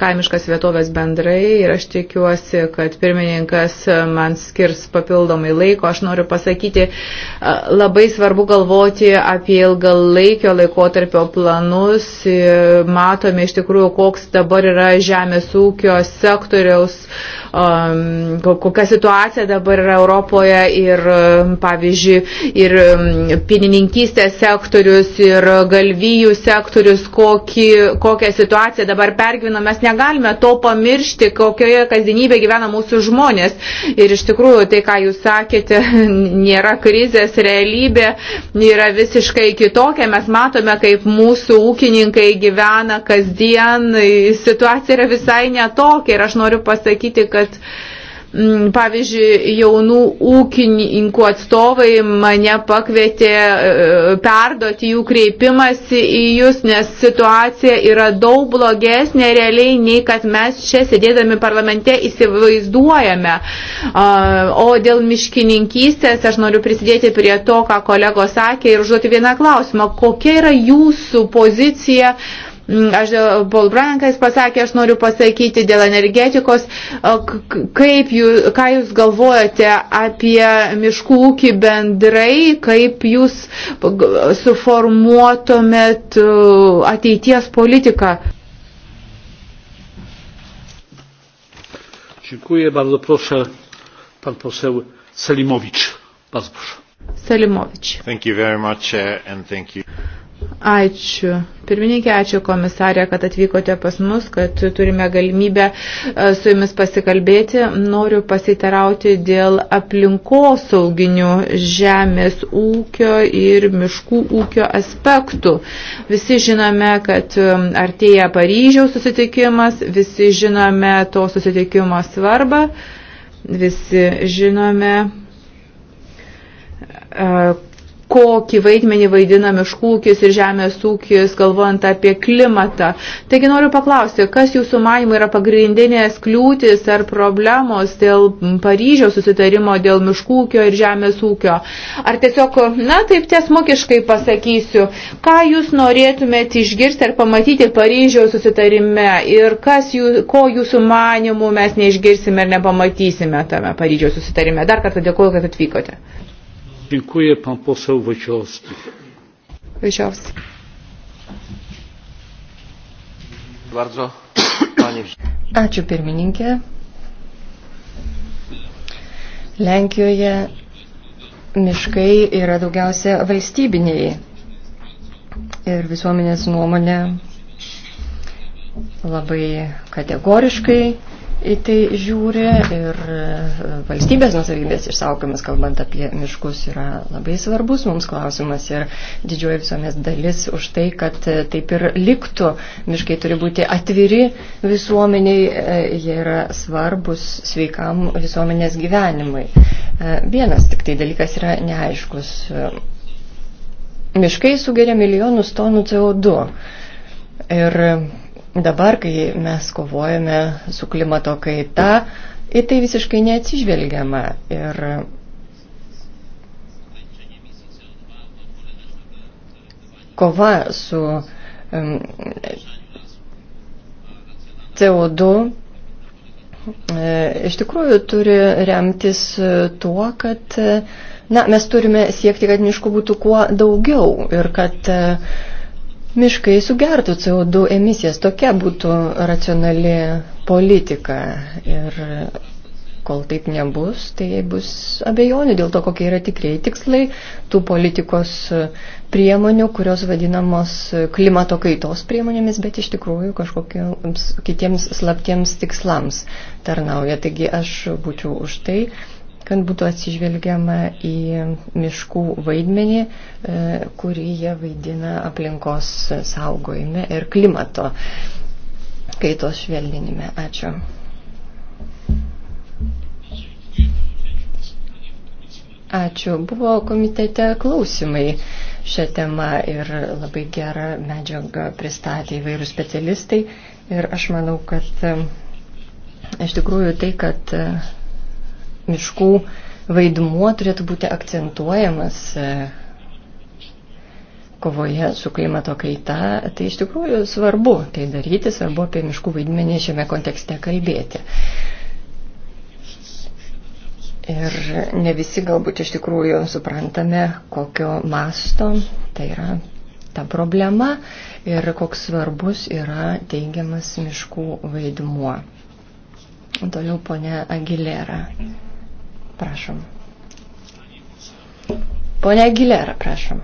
kaimiškas vietovės bendrai. Ir aš tikiuosi, kad pirmininkas e, man skirs papildomai laiko. Aš noriu pasakyti, labai svarbu galvoti apie ilgalaikio laikotarpio planus. Matome iš tikrųjų, koks dabar yra žemės ūkio sektoriaus, kokia situacija dabar yra Europoje. Ir E, pavyzdžiui, ir pienininkystės sektorius, ir galvijų sektorius, kokį, kokią situaciją dabar pergyvina, mes negalime to pamiršti, kokioje kasdienybė gyvena mūsų žmonės. Ir iš tikrųjų, tai, ką jūs sakėte, *laughs* nėra krizės realybė, yra visiškai kitokia. Mes matome, kaip mūsų ūkininkai gyvena kasdien, situacija yra visai netokia. Ir aš noriu pasakyti, kad Mm, pavyzdžiui, jaunų ūkininkų atstovai mane pakvietė e, perduoti jų kreipimąsi į jūs, nes situacija yra daug blogesnė realiai, nei kad mes čia sėdėdami parlamente įsivaizduojame. O dėl miškininkystės aš noriu prisidėti prie to, ką kolegos sakė ir užduoti vieną klausimą. Kokia yra jūsų pozicija? Mm, aš dėl e, Paul Brankais pasakė, aš noriu pasakyti dėl energetikos, e, kaip jūs, ką jūs galvojate apie miškų ūkį bendrai, kaip jūs suformuotumėt e, ateities politiką. Dziękuję. Bardzo proszę pan poseł Selimowicz. Bardzo proszę. Selimowicz. Thank you very much and thank you. Ačiū. Pirmininkė, ačiū komisarė, kad atvykote pas mus, kad turime galimybę e, su jumis pasikalbėti. Noriu pasiterauti dėl aplinkosauginių žemės ūkio ir miškų ūkio aspektų. Visi žinome, kad e, artėja Paryžiaus susitikimas, visi žinome to susitikimo svarbą, visi žinome. Uh, kokį vaidmenį vaidina miškų ūkis ir žemės ūkis, galvojant apie klimatą. Taigi noriu paklausti, kas jūsų manimų yra pagrindinės kliūtis ar problemos dėl Paryžiaus susitarimo dėl miškų ūkio ir žemės ūkio? Ar tiesiog, na taip tiesmukiškai pasakysiu, ką jūs norėtumėte išgirsti ar pamatyti Paryžiaus susitarime ir kas jų, ko jūsų manimų mes neišgirsime ir nepamatysime tame Paryžiaus susitarime? Dar kartą dėkuoju, kad atvykote. Dziękuję pan poseł Wojciechowski. Wojciechowski. Bardzo. Panie. Ačiū pirmininkė. Lenkijoje miškai yra daugiausia valstybiniai ir visuomenės nuomonė labai kategoriškai į tai žiūri ir e, valstybės nusavybės išsaugomas, kalbant apie miškus, yra labai svarbus mums klausimas ir didžioji visuomės dalis už tai, kad e, taip ir liktų. Miškai turi būti atviri visuomeniai, e, jie yra svarbus sveikam visuomenės gyvenimui. Vienas tik tai dalykas yra neaiškus. Miškai sugeria milijonus tonų CO2. Ir Dabar, kai mes kovojame su klimato kaita, į tai visiškai neatsižvelgiama. Ir kova su um, CO2 e, iš tikrųjų turi remtis tuo, kad na, mes turime siekti, kad miškų būtų kuo daugiau ir kad uh, miškai sugertų CO2 emisijas. Tokia būtų racionali politika. Ir kol taip nebus, tai bus abejonių dėl to, kokie yra tikrieji tikslai tų politikos priemonių, kurios vadinamos klimato kaitos priemonėmis, bet iš tikrųjų kažkokiems kitiems slaptiems tikslams tarnauja. Taigi aš būčiau už tai, kad būtų atsižvelgiama į miškų vaidmenį, e, kurį jie vaidina aplinkos saugojime ir klimato kaitos švelninime. Ačiū. Ačiū. Buvo komitete klausimai šią temą ir labai gerą medžiagą pristatė įvairių specialistai. Ir aš manau, kad e, iš tikrųjų tai, kad e, miškų vaidmuo turėtų būti akcentuojamas e, kovoje su klimato kaita, tai iš tikrųjų svarbu tai daryti, svarbu apie miškų vaidmenį šiame kontekste kalbėti. Ir ne visi galbūt iš tikrųjų suprantame, kokio masto tai yra ta problema ir koks svarbus yra teigiamas miškų vaidmuo. Toliau ponė Agilera. Mhm prašom. Pone Gilera, prašom.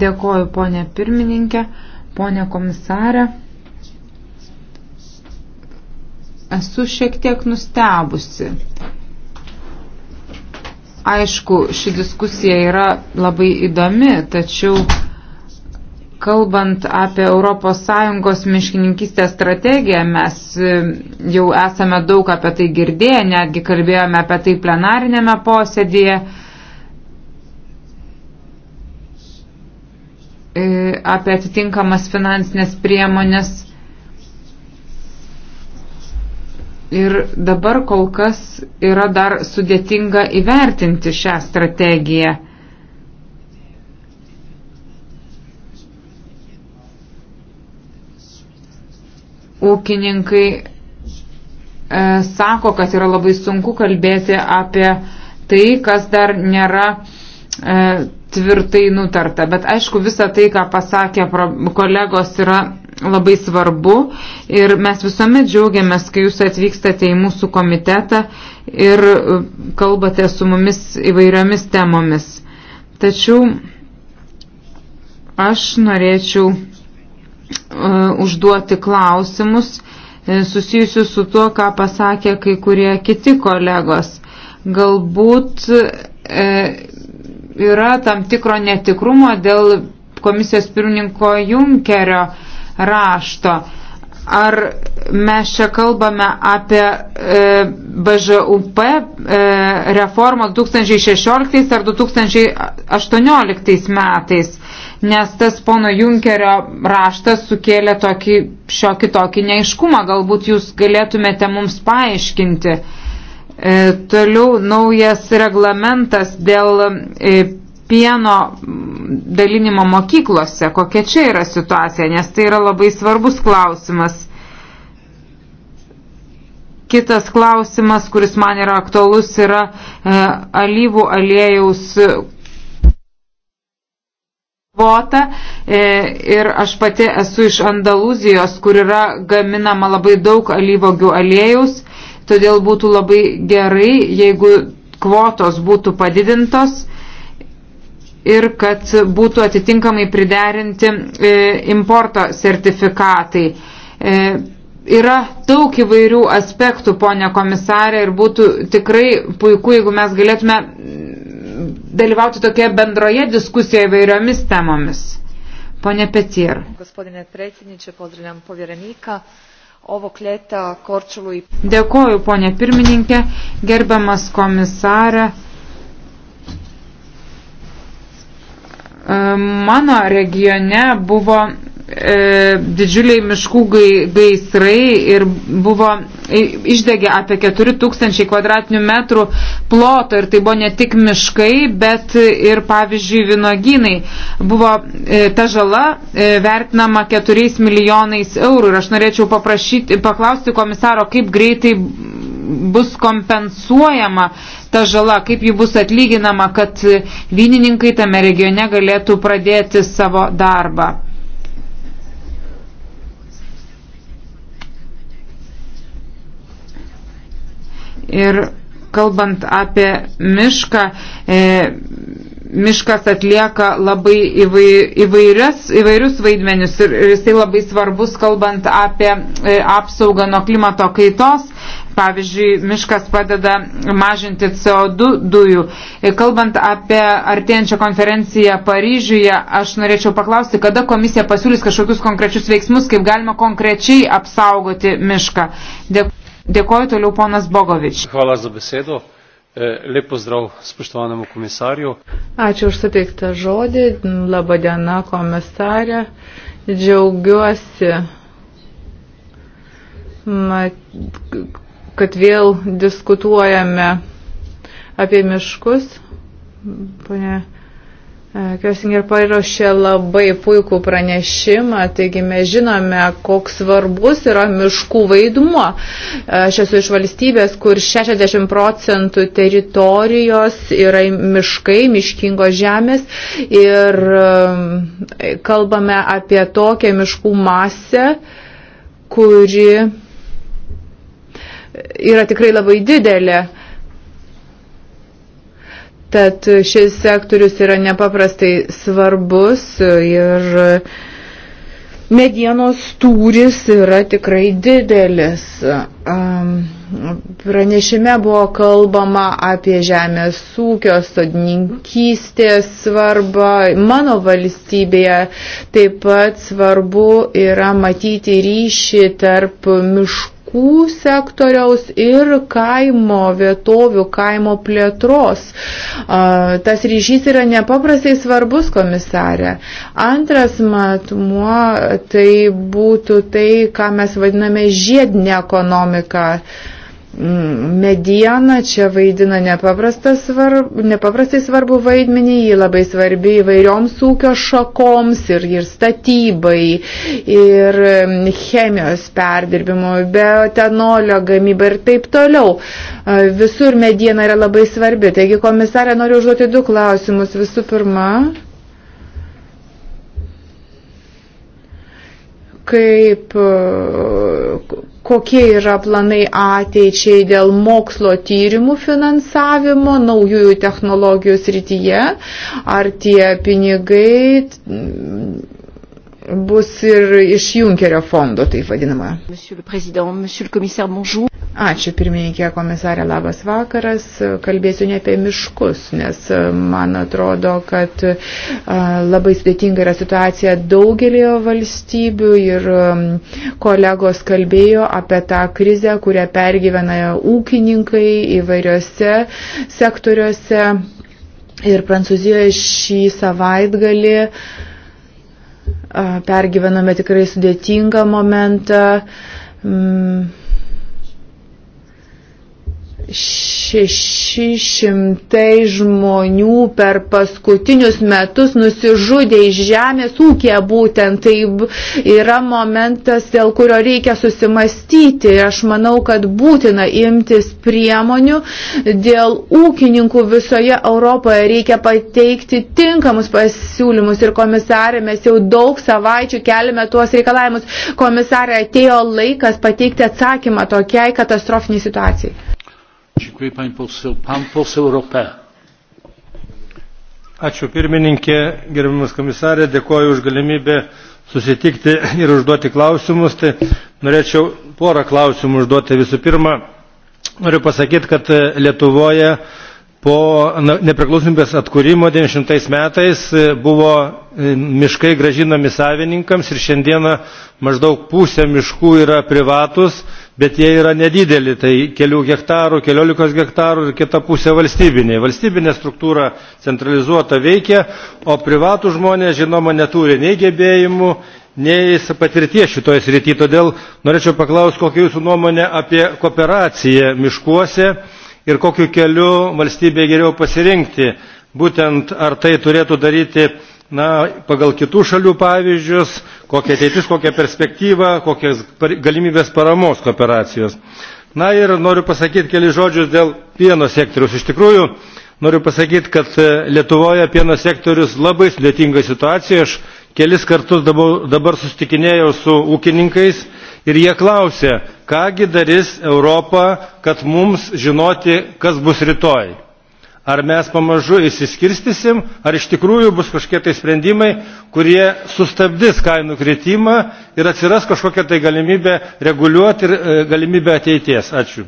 Dėkoju, ponė pirmininkė, ponė komisarė. Esu šiek tiek nustebusi. Aišku, ši diskusija yra labai įdomi, tačiau Kalbant apie ES miškininkystės strategiją, mes e, jau esame daug apie tai girdėję, netgi kalbėjome apie tai plenarinėme posėdėje. E, apie atitinkamas finansinės priemonės. Ir dabar kol kas yra dar sudėtinga įvertinti šią strategiją. ūkininkai e, sako, kad yra labai sunku kalbėti apie tai, kas dar nėra e, tvirtai nutarta. Bet aišku, visa tai, ką pasakė kolegos, yra labai svarbu ir mes visuomet džiaugiamės, kai jūs atvykstate į mūsų komitetą ir e, kalbate su mumis įvairiomis temomis. Tačiau aš norėčiau E, užduoti klausimus e, susijusius su tuo, ką pasakė kai kurie kiti kolegos. Galbūt e, yra tam tikro netikrumo dėl komisijos pirmininko Junkerio rašto. Ar mes čia kalbame apie e, BŽUP e, reformą 2016 ar 2018 metais? nes tas pono Junkerio raštas sukėlė tokį šiokį tokį neiškumą. Galbūt jūs galėtumėte mums paaiškinti. E, toliau naujas reglamentas dėl e, pieno dalinimo mokyklose. Kokia čia yra situacija, nes tai yra labai svarbus klausimas. Kitas klausimas, kuris man yra aktualus, yra e, alyvų aliejaus kvotą e, ir aš pati esu iš Andalūzijos, kur yra gaminama labai daug alyvogių aliejus, todėl būtų labai gerai, jeigu kvotos būtų padidintos ir kad būtų atitinkamai priderinti e, importo sertifikatai. E, yra daug įvairių aspektų, ponė komisarė, ir būtų tikrai puiku, jeigu mes galėtume dalyvauti tokioje bendroje diskusijoje įvairiomis temomis. Pone Petier. Gospodine predsjedniče, pozdravljam povjerenika. Ovog leta Korčulu i... Dėkoju, ponė pirmininkė, gerbiamas komisarė. E, mano regione buvo E, didžiuliai miškų gaisrai ir buvo išdegė apie 4000 kvadratinių metrų ploto ir tai buvo ne tik miškai, bet ir pavyzdžiui vinoginai. Buvo e, ta žala e, vertinama 4 milijonais eurų ir aš norėčiau paprašyti, paklausti komisaro, kaip greitai bus kompensuojama ta žala, kaip ji bus atlyginama, kad vynininkai tame regione galėtų pradėti savo darbą. Ir kalbant apie mišką, e, miškas atlieka labai įvairius, įvairius vaidmenius ir, ir jisai labai svarbus, kalbant apie e, apsaugą nuo klimato kaitos. Pavyzdžiui, miškas padeda mažinti CO2 dujų. Ir e, kalbant apie artėjančią konferenciją Paryžiuje, aš norėčiau paklausti, kada komisija pasiūlys kažkokius konkrečius veiksmus, kaip galima konkrečiai apsaugoti mišką. Dėkui. Dėkoju toliau ponas Bogovič. Hvala za besedo. E, lep pozdrav spoštovanemu komisarju. Ačiū už suteiktą žodį. Labadiena komisarė. Džiaugiuosi, kad vėl diskutuojame apie miškus. Pane Kiosinger paruošė labai puikų pranešimą, taigi mes žinome, koks svarbus yra miškų vaidmuo. Aš esu iš valstybės, kur 60 procentų teritorijos yra miškai, miškingos žemės ir um, kalbame apie tokią miškų masę, kuri yra tikrai labai didelė Tad šis sektorius yra nepaprastai svarbus ir medienos tūris yra tikrai didelis. Pranešime buvo kalbama apie žemės ūkio, sodininkystės svarbą. Mano valstybėje taip pat svarbu yra matyti ryšį tarp miškų miškų sektoriaus ir kaimo vietovių, kaimo plėtros. Tas ryšys yra nepaprastai svarbus, komisarė. Antras matmuo tai būtų tai, ką mes vadiname žiedinė ekonomika. Mm, mediena čia vaidina nepaprastai svarbu, nepaprastai svarbu vaidmenį, ji labai svarbi įvairioms ūkio šakoms ir, ir statybai, ir mm, chemijos perdirbimo, biotenolio gamybai ir taip toliau. Visur mediena yra labai svarbi. Taigi, komisarė, noriu užduoti du klausimus. Visų pirma, kaip kokie yra planai ateičiai dėl mokslo tyrimų finansavimo naujųjų technologijų srityje, ar tie pinigai mm, bus ir iš Junkerio fondo, taip vadinama. Monsieur le Président, Monsieur le Commissaire, bonjour. Ačiū pirmininkė komisarė, labas vakaras. Kalbėsiu ne apie miškus, nes e, man atrodo, kad e, labai sudėtinga yra situacija daugelio valstybių ir kolegos kalbėjo apie tą krizę, kurią pergyvena ūkininkai įvairiose sektoriuose. Ir Prancūzijoje šį savaitgalį e, pergyvenome tikrai sudėtingą momentą. Mm 600 žmonių per paskutinius metus nusižudė iš žemės ūkė būtent. Tai yra momentas, dėl kurio reikia susimastyti. Aš manau, kad būtina imtis priemonių. Dėl ūkininkų visoje Europoje reikia pateikti tinkamus pasiūlymus. Ir komisarė, mes jau daug savaičių keliame tuos reikalavimus. Komisarė, atėjo laikas pateikti atsakymą tokiai katastrofiniai situacijai. Dziękuję pani poseł. Pan poseł Ropė. Ačiū pirmininkė, gerbiamas komisarė, dėkuoju už galimybę susitikti ir užduoti klausimus. Tai norėčiau porą klausimų užduoti. Visų pirma, noriu pasakyti, kad Lietuvoje po nepriklausomybės atkūrimo devyni šimtais metais e, buvo e, miškai grąžinami savininkams ir šiandieną maždaug pusė miškų yra privatūs bet jie yra nedideli tai kelių hektarų keliolikos hektarų ir kita pusė valstybiniai. valstybinė struktūra centralizuota veikia o privatūs žmonės žinoma neturi nei gebėjimų nei patirties šitoje srityje todėl norėčiau paklausti kokia jūsų nuomonė apie kooperaciją miškuose ir kokiu keliu valstybė geriau pasirinkti. Būtent ar tai turėtų daryti na, pagal kitų šalių pavyzdžius, kokia ateitis, kokia perspektyva, kokias galimybės paramos kooperacijos. Na ir noriu pasakyti keli žodžius dėl pieno sektoriaus. Iš tikrųjų, noriu pasakyti, kad e, Lietuvoje pieno sektorius labai sudėtinga situacija. Aš kelis kartus dabar susitikinėjau su ūkininkais ir jie klausė, kągi darys Europa, kad mums žinoti, kas bus rytoj. Ar mes pamažu įsiskirstysim, ar iš tikrųjų bus kažkokie tai sprendimai, kurie sustabdys kainų kritimą ir atsiras kažkokia tai galimybė reguliuoti ir e, galimybė ateities. Ačiū.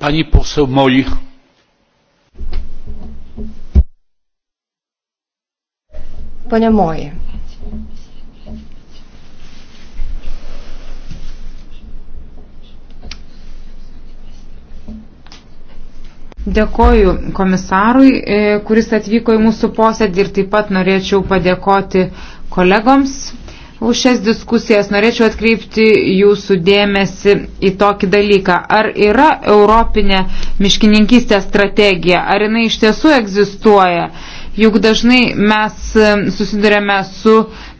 Pani poseł Moich. Panemoji. Dėkoju komisarui, e, kuris atvyko į mūsų posėdį ir taip pat norėčiau padėkoti kolegoms už šias diskusijas. Norėčiau atkreipti jūsų dėmesį į tokį dalyką. Ar yra europinė miškininkystės strategija? Ar jinai iš tiesų egzistuoja? Juk dažnai mes e, susidurėme su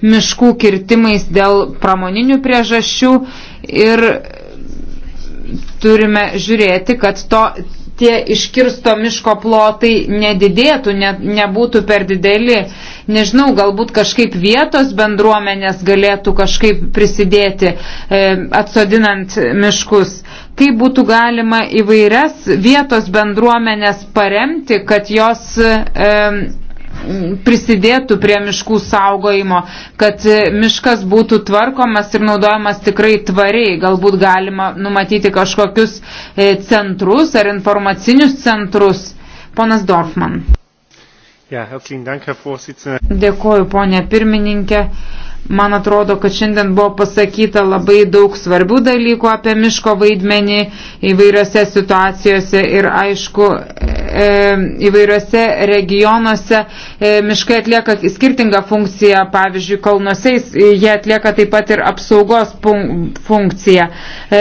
miškų kirtimais dėl pramoninių priežasčių ir turime žiūrėti, kad to, tie iškirsto miško plotai nedidėtų, ne, nebūtų per dideli. Nežinau, galbūt kažkaip vietos bendruomenės galėtų kažkaip prisidėti e, atsodinant miškus kaip būtų galima įvairias vietos bendruomenės paremti, kad jos e, prisidėtų prie miškų saugojimo, kad miškas būtų tvarkomas ir naudojamas tikrai tvariai. Galbūt galima numatyti kažkokius e, centrus ar informacinius centrus. Ponas Dorfman. Ja, dank, Herr Dėkoju, ponė pirmininkė. Man atrodo, kad šiandien buvo pasakyta labai daug svarbių dalykų apie miško vaidmenį įvairiose situacijose ir aišku, E, įvairiose regionuose e, miškai atlieka skirtingą funkciją, pavyzdžiui, kalnuose jie atlieka taip pat ir apsaugos funkciją. E,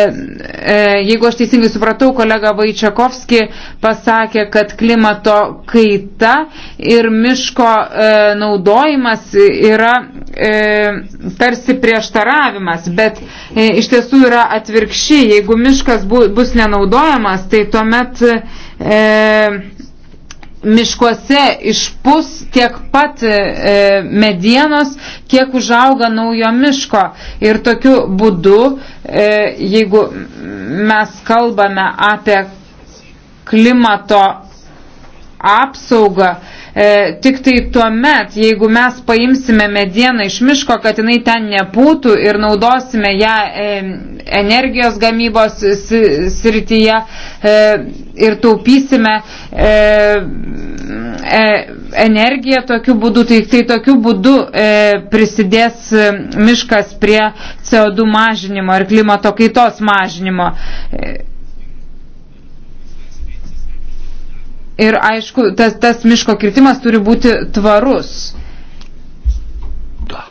jeigu aš teisingai supratau, kolega Vaičiakovski pasakė, kad klimato kaita ir miško naudojimas yra tarsi prieštaravimas, bet iš tiesų yra atvirkščiai. Jeigu miškas bus nenaudojamas, tai tuomet e, miškuose išpus tiek pat e, medienos, kiek užauga naujo miško. Ir tokiu būdu, e, jeigu mes kalbame apie klimato apsaugą, e, E, tik tai tuo met, jeigu mes paimsime medieną iš miško, kad jinai ten nepūtų ir naudosime ją e, energijos gamybos srityje e, ir taupysime e, e, energiją tokiu būdu, tai, tai tokiu būdu e, prisidės e, miškas prie CO2 mažinimo ir klimato kaitos mažinimo. E, Ir aišku, tas, tas miško kirtimas turi būti tvarus. Da.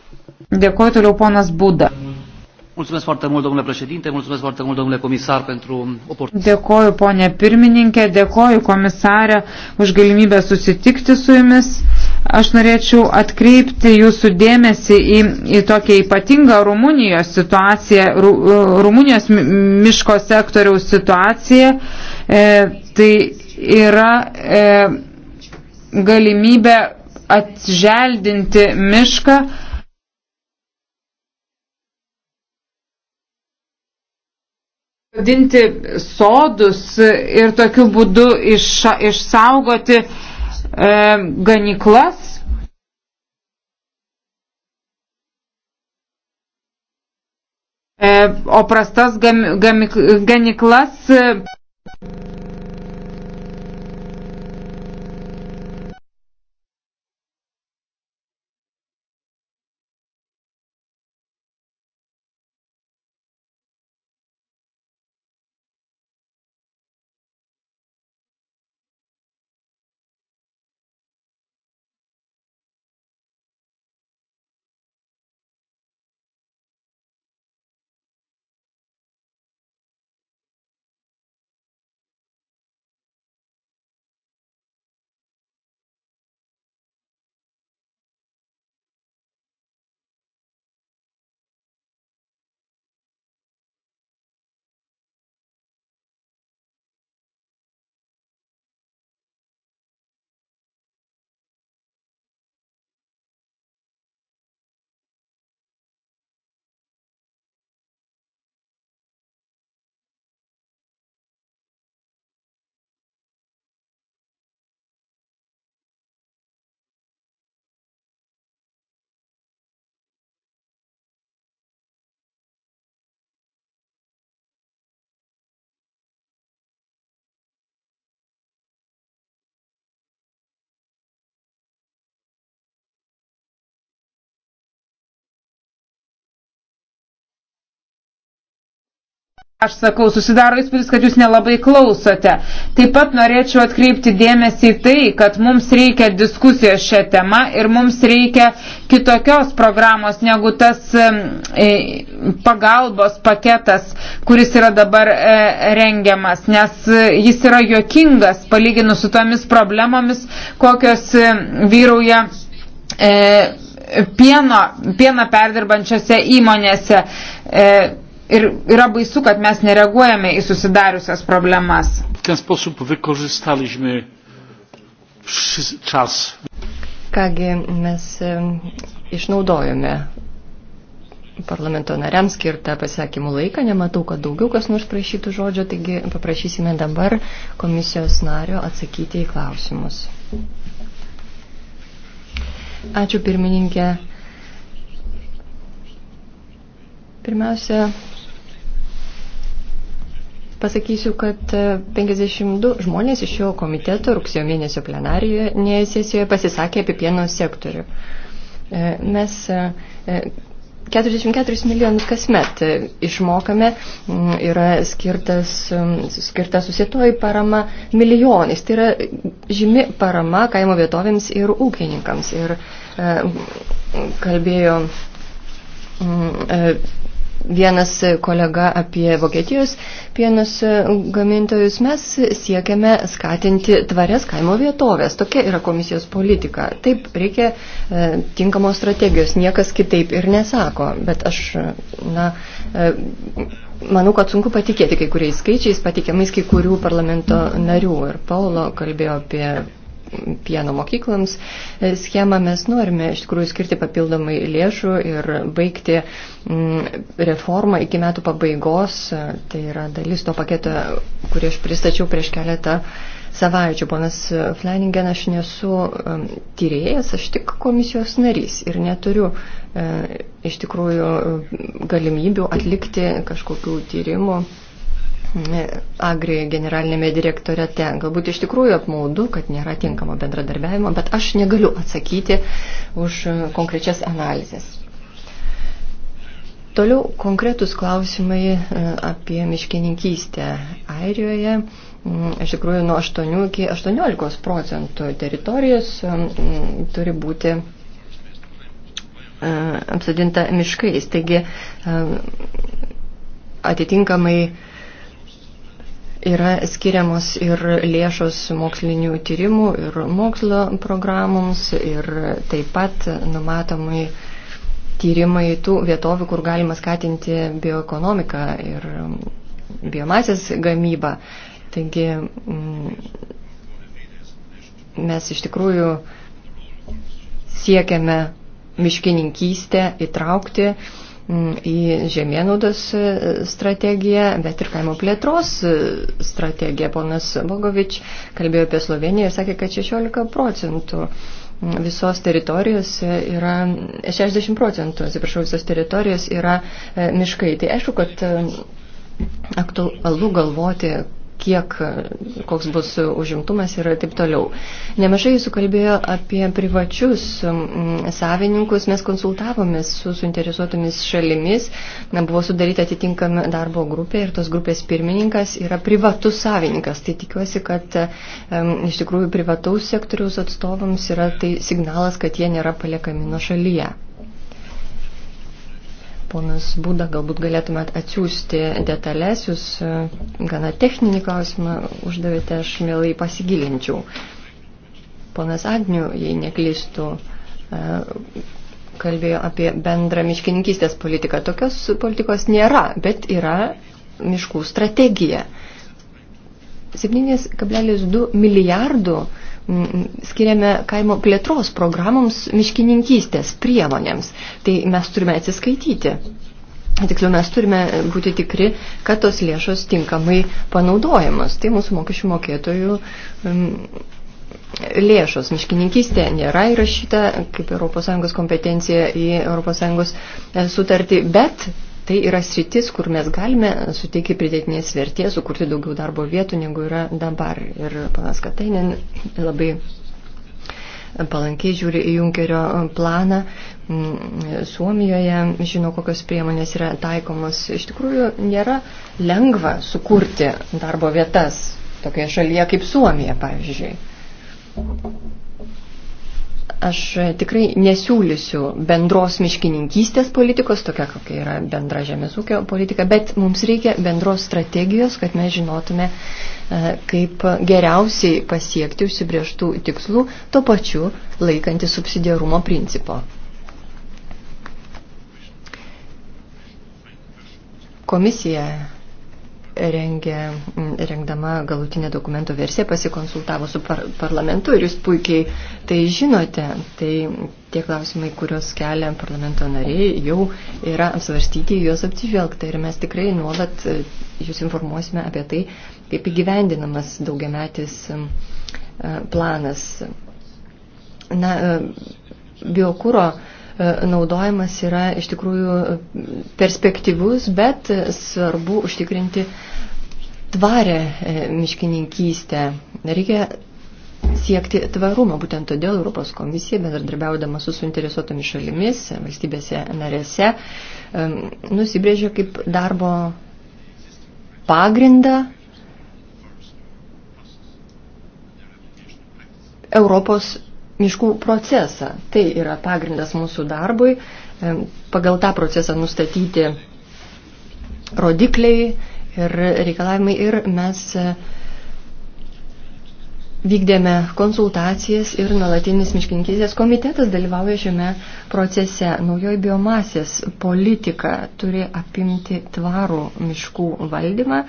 Dėkuoju toliau ponas Buda. Mulțumesc foarte mult, domnule președinte, mulțumesc foarte mult, domnule comisar, pentru oportunitate. Dėkoju, ponė pirmininkė, dėkoju, komisarė, už galimybę susitikti su jumis. Aš norėčiau atkreipti jūsų dėmesį į, į tokią ypatingą Rumunijos situaciją, Ru, Rumunijos miško sektoriaus situaciją. E, tai yra e, galimybė atželdinti mišką. Padinti sodus ir tokiu būdu iš, išsaugoti e, ganiklas. E, o prastas gam, gam, ganiklas. E, Aš sakau, susidaro įspūdis, kad jūs nelabai klausote. Taip pat norėčiau atkreipti dėmesį į tai, kad mums reikia diskusijos šią temą ir mums reikia kitokios programos negu tas e, pagalbos paketas, kuris yra dabar e, rengiamas, nes e, jis yra jokingas palyginus su tomis problemomis, kokios e, vyrauja. E, Pieno, pieno perdirbančiose įmonėse. E, Ir yra baisu, kad mes nereaguojame į susidariusias problemas. Kągi mes išnaudojome parlamento nariams skirtą pasakymų laiką, nematau, kad daugiau kas nors prašytų žodžio, taigi paprašysime dabar komisijos nario atsakyti į klausimus. Ačiū pirmininkė. Pirmiausia, Pasakysiu, kad 52 e, žmonės iš jo komiteto rugsėjo mėnesio plenarijoje sesijoje pasisakė apie pieno sektorių. E, mes 44 e, milijonus kasmet išmokame, yra skirtas, skirta susietoji parama milijonais. Tai yra žymi parama kaimo vietovėms ir ūkininkams. Ir kalbėjo vienas kolega apie Vokietijos pienus gamintojus. Mes siekiame skatinti tvarias kaimo vietovės. Tokia yra komisijos politika. Taip reikia e, tinkamos strategijos. Niekas kitaip ir nesako. Bet aš, na. E, Manau, kad sunku patikėti kai kuriais skaičiais, patikiamais kai kurių parlamento narių. Ir Paulo kalbėjo apie pieno mokyklams e, schemą mes norime iš tikrųjų skirti papildomai lėšų ir baigti mm, reformą iki metų pabaigos. E, tai yra dalis to paketo, kurį aš pristačiau prieš keletą savaičių. Ponas Fleningen, aš nesu e, tyrėjas, aš tik komisijos narys ir neturiu e, iš tikrųjų galimybių atlikti kažkokių tyrimų Agri generalinėme direktorate. Galbūt iš tikrųjų apmaudu, kad nėra tinkamo bendradarbiavimo, bet aš negaliu atsakyti už konkrečias analizės. Toliau konkretus klausimai e, apie miškininkystę Airijoje. Mm, iš tikrųjų, nuo 8 iki 18 procentų teritorijos mm, turi būti e, apsodinta miškais. Taigi, e, atitinkamai Yra skiriamos ir lėšos mokslinių tyrimų ir mokslo programoms ir taip pat numatomai tyrimai tų vietovių, kur galima skatinti bioekonomiką ir mm, biomasės gamybą. Taigi mm, mes iš tikrųjų siekiame miškininkystę įtraukti į žemėnaudos e, strategiją, bet ir kaimo plėtros e, strategiją. Ponas Bogovič kalbėjo apie Sloveniją ir sakė, kad 16 procentų visos teritorijos yra, 60 procentų, atsiprašau, visos teritorijos yra e, miškai. Tai aišku, kad aktualu galvoti, kiek, koks bus užimtumas ir taip toliau. Nemažai jūsų kalbėjo apie privačius savininkus, mes konsultavomės su suinteresuotomis šalimis, na, buvo sudaryta atitinkama darbo grupė ir tos grupės pirmininkas yra privatus savininkas. Tai tikiuosi, kad um, iš tikrųjų privataus sektoriaus atstovams yra tai signalas, kad jie nėra paliekami nuo šalyje ponas Būda, galbūt galėtumėt atsiųsti detalės, jūs e, gana techninį klausimą uždavėte, aš mielai pasigilinčiau. Ponas Agnių, jei neklystų, e, kalbėjo apie bendrą miškininkystės politiką. Tokios politikos nėra, bet yra miškų strategija. 7,2 milijardų uh, skiriame kaimo plėtros programoms miškininkystės priemonėms. Tai mes turime atsiskaityti. Tiksliau, mes turime būti tikri, kad tos lėšos tinkamai panaudojamos. Tai mūsų mokesčių mokėtojų lėšos. Miškininkystė nėra įrašyta kaip ES kompetencija į ES sutartį, bet tai yra sritis, kur mes galime suteikti pridėtinės vertės, sukurti daugiau darbo vietų, negu yra dabar. Ir panas Katainen labai palankiai žiūri į Junkerio planą. Suomijoje žino, kokios priemonės yra taikomos. Iš tikrųjų, nėra lengva sukurti darbo vietas tokioje šalyje kaip Suomija, pavyzdžiui. Aš e, tikrai nesiūlysiu bendros miškininkystės politikos, tokia kokia yra bendra žemės ūkio politika, bet mums reikia bendros strategijos, kad mes žinotume, e, kaip geriausiai pasiekti užsibrieštų tikslų, tuo pačiu laikantį subsidiarumo principo. Komisija rengė, rengdama galutinę dokumento versiją pasikonsultavo su par parlamentu ir jūs puikiai tai žinote. Tai tie klausimai, kuriuos kelia parlamento nariai, jau yra apsvarstyti, juos apsižvelgta ir mes tikrai nuolat e, jūs informuosime apie tai, kaip įgyvendinamas daugiametis e, planas. Na, e, biokūro E, naudojimas yra iš tikrųjų e, perspektyvus, bet svarbu užtikrinti tvarę e, miškininkystę. Reikia siekti tvarumo. Būtent todėl Europos komisija, bendradarbiaudama su suinteresuotomis šalimis, valstybėse narėse, nusibrėžė kaip darbo pagrindą Europos miškų procesą. Tai yra pagrindas mūsų darbui. E, pagal tą procesą nustatyti rodikliai ir reikalavimai ir mes e, vykdėme konsultacijas ir nalatinis miškininkystės komitetas dalyvauja šiame procese. Naujoji biomasės politika turi apimti tvarų miškų valdymą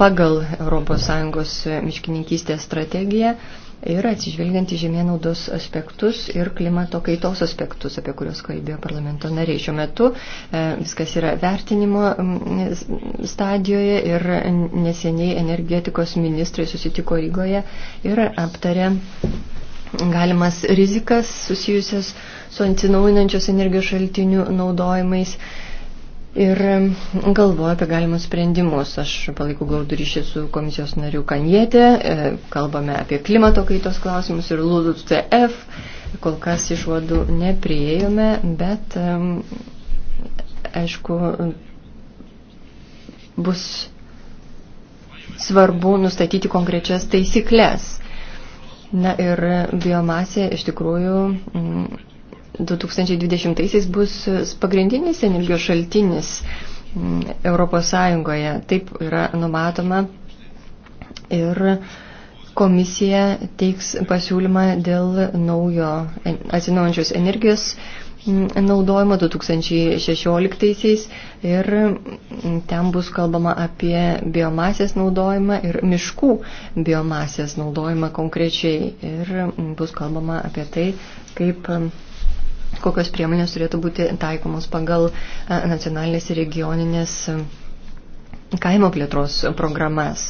pagal ES miškininkystės strategiją ir atsižvelgiant į žemėnaudos aspektus ir klimato kaitos aspektus, apie kuriuos kalbėjo parlamento nariai. Šiuo metu e, viskas yra vertinimo stadijoje ir neseniai energetikos ministrai susitiko Rygoje ir aptarė galimas rizikas susijusias su atsinaujinančios energijos šaltinių naudojimais ir galvoju apie galimus sprendimus. Aš palaikau glaudų ryšį su komisijos nariu Kanietė, e, kalbame apie klimato kaitos klausimus ir LULUCF. Kol kas išvadų nepriejome, bet aišku bus svarbu nustatyti konkrečias taisyklės. Na ir biomasė iš tikrųjų 2020-aisiais bus pagrindinis energijos šaltinis mm, Europos Sąjungoje. Taip yra numatoma ir komisija teiks pasiūlymą dėl naujo atsinaujančios energijos mm, naudojimo 2016-aisiais ir mm, ten bus kalbama apie biomasės naudojimą ir miškų biomasės naudojimą konkrečiai ir bus kalbama apie tai, kaip kokios priemonės turėtų būti taikomos pagal e, nacionalinės ir regioninės e, kaimo plėtros programas.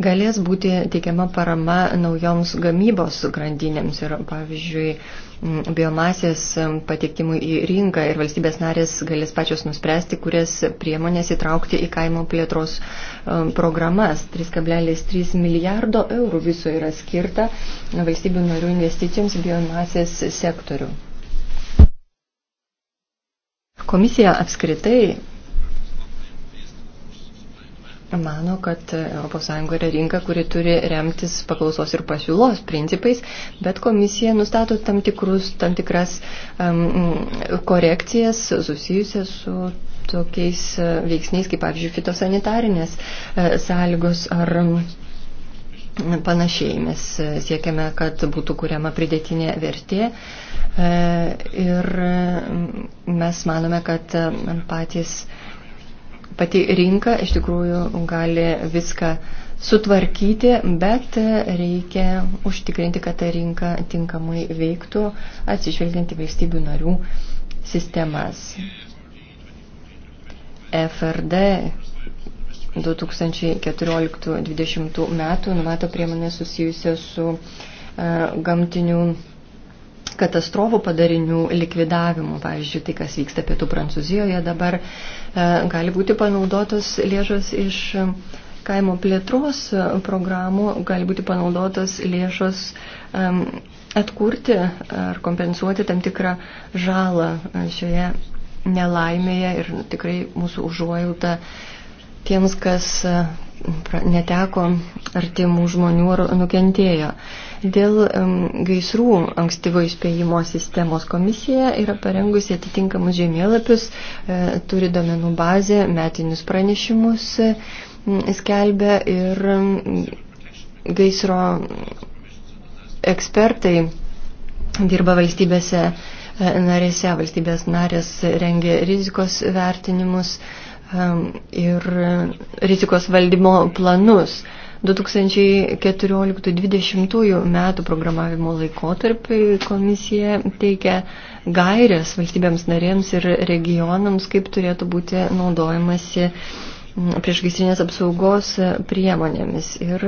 Galės būti teikiama parama naujoms gamybos grandinėms ir, pavyzdžiui, biomasės patekimui į rinką ir valstybės narės galės pačios nuspręsti, kurias priemonės įtraukti į kaimo plėtros programas. 3,3 milijardo eurų viso yra skirta valstybių narių investicijoms biomasės sektorių. Komisija apskritai mano, kad ES yra rinka, kuri turi remtis paklausos ir pasiūlos principais, bet komisija nustato tam, tikrus, tam tikras um, korekcijas susijusias su tokiais e, veiksniais, kaip pavyzdžiui, fitosanitarinės e, sąlygos ar panašiai. Mes e, siekiame, kad būtų kuriama pridėtinė vertė. Ir mes manome, kad patys pati rinka iš tikrųjų gali viską sutvarkyti, bet reikia užtikrinti, kad ta rinka tinkamai veiktų, atsižvelgiant į valstybių narių sistemas. FRD 2014-2020 metų numato priemonę susijusią su uh, e, gamtinių katastrofų padarinių likvidavimu. Pavyzdžiui, tai, kas vyksta pietų Prancūzijoje dabar, e, gali būti panaudotos lėšos iš e, kaimo plėtros programų, gali būti panaudotos lėšos e, atkurti ar kompensuoti tam tikrą žalą šioje nelaimėje ir tikrai mūsų užuojauta tiems, kas neteko artimų žmonių ar nukentėjo. Dėl um, gaisrų ankstyvo įspėjimo sistemos komisija yra parengusi atitinkamus žemėlapius, e, turi domenų bazę, metinius pranešimus e, skelbia ir gaisro ekspertai dirba valstybėse e, narėse, valstybės narės rengia rizikos vertinimus ir e, rizikos valdymo planus. 2014-2020 metų programavimo laikotarpiai komisija teikia gairias valstybėms narėms ir regionams, kaip turėtų būti naudojamasi priešgaisrinės apsaugos priemonėmis. Ir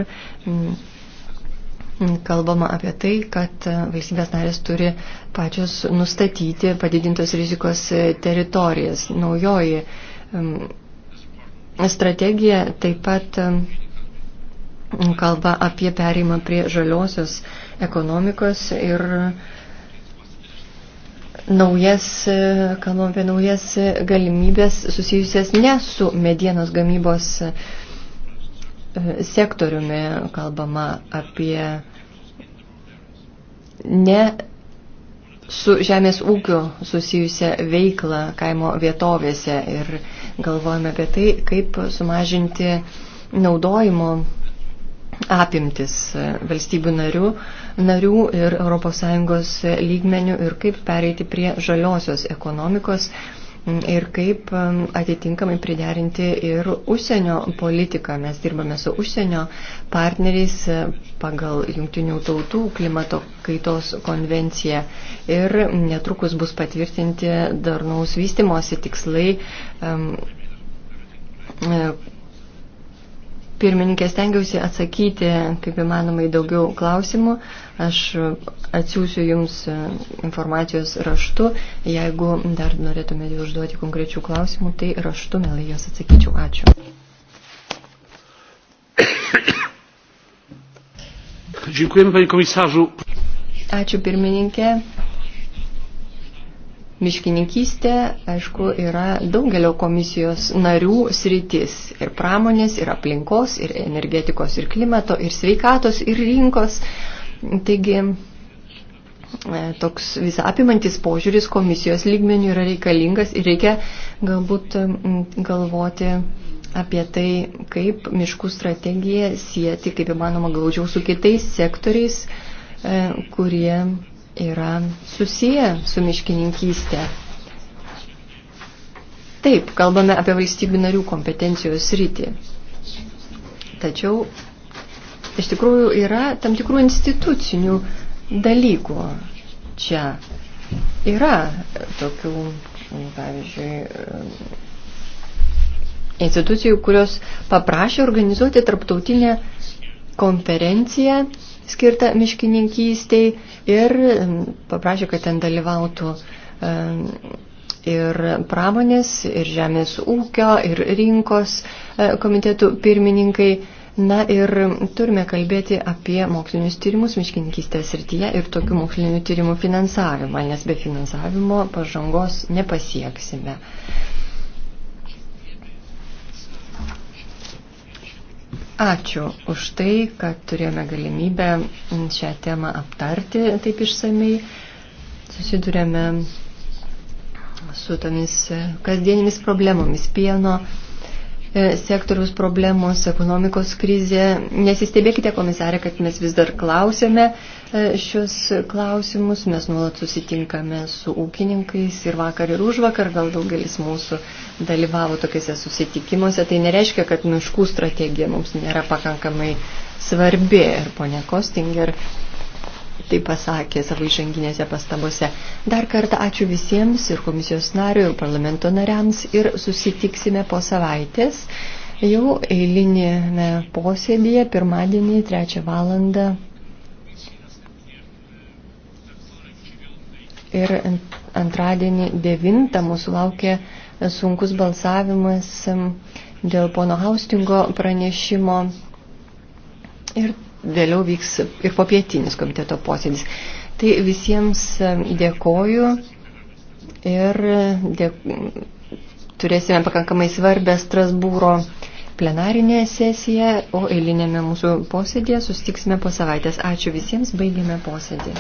kalbama apie tai, kad valstybės narės turi pačios nustatyti padidintos rizikos teritorijas. Naujoji strategija taip pat kalba apie perimą prie žaliosios ekonomikos ir naujas, kalbam apie naujas galimybės susijusias ne su medienos gamybos e, sektoriumi, kalbama apie ne su žemės ūkiu susijusią veiklą kaimo vietovėse ir galvojame apie tai, kaip sumažinti naudojimo apimtis valstybių narių, narių ir ES lygmenių ir kaip pereiti prie žaliosios ekonomikos ir kaip um, atitinkamai priderinti ir užsienio politiką. Mes dirbame su užsienio partneriais e, pagal Junktinių tautų klimato kaitos konvenciją ir netrukus bus patvirtinti darnaus vystimosi tikslai um, e, Pirmininkė, stengiausi atsakyti, kaip įmanomai, daugiau klausimų. Aš atsiųsiu Jums e, informacijos raštu. Jeigu dar norėtumėte užduoti konkrečių klausimų, tai raštu melai jos atsakyčiau. Ačiū. Dziękujemy, panie komisarzu. Ačiū pirmininkė. Miškininkystė, aišku, yra daugelio komisijos narių sritis - ir pramonės, ir aplinkos, ir energetikos, ir klimato, ir sveikatos, ir rinkos. Taigi, e, toks visą apimantis požiūris komisijos lygmenių yra reikalingas ir reikia galbūt galvoti apie tai, kaip miškų strategiją sieti, kaip įmanoma, glaudžiau su kitais sektoriais, e, kurie yra susiję su miškininkystė. Taip, kalbame apie valstybių narių kompetencijos rytį. Tačiau iš tikrųjų yra tam tikrų institucinių dalykų čia. Yra tokių, pavyzdžiui, institucijų, kurios paprašė organizuoti tarptautinę konferenciją skirtą miškininkystei ir paprašė, kad ten dalyvautų ir pramonės, ir žemės ūkio, ir rinkos e, komitetų pirmininkai. Na ir turime kalbėti apie mokslinius tyrimus miškininkystės srityje ir tokių mokslinių tyrimų finansavimą, nes be finansavimo pažangos nepasieksime. Uh, Ačiū už tai, kad turėjome galimybę šią temą aptarti taip išsamei. Susidurėme su tomis kasdienėmis problemomis pieno E, sektoriaus problemos, ekonomikos krizė. Nesistebėkite, komisarė, kad mes vis dar klausėme e, šios klausimus, mes nuolat susitinkame su ūkininkais ir vakar ir už vakar, gal daugelis mūsų dalyvavo tokiuose susitikimuose. Tai nereiškia, kad miškų strategija mums nėra pakankamai svarbi. Ir ponė Kostinger tai pasakė savo išanginėse pastabose. Dar kartą ačiū visiems ir komisijos nariui, ir parlamento nariams ir susitiksime po savaitės jau eilinėme posėdėje pirmadienį 3 valandą. Ir antradienį 9 mūsų laukia sunkus balsavimas dėl pono Haustingo pranešimo. Ir vėliau vyks ir popietinis komiteto posėdis. Tai visiems dėkoju ir dėk... turėsime pakankamai svarbę Strasbūro plenarinėje sesijoje, o eilinėme mūsų posėdėje sustiksime po savaitės. Ačiū visiems, baigėme posėdį.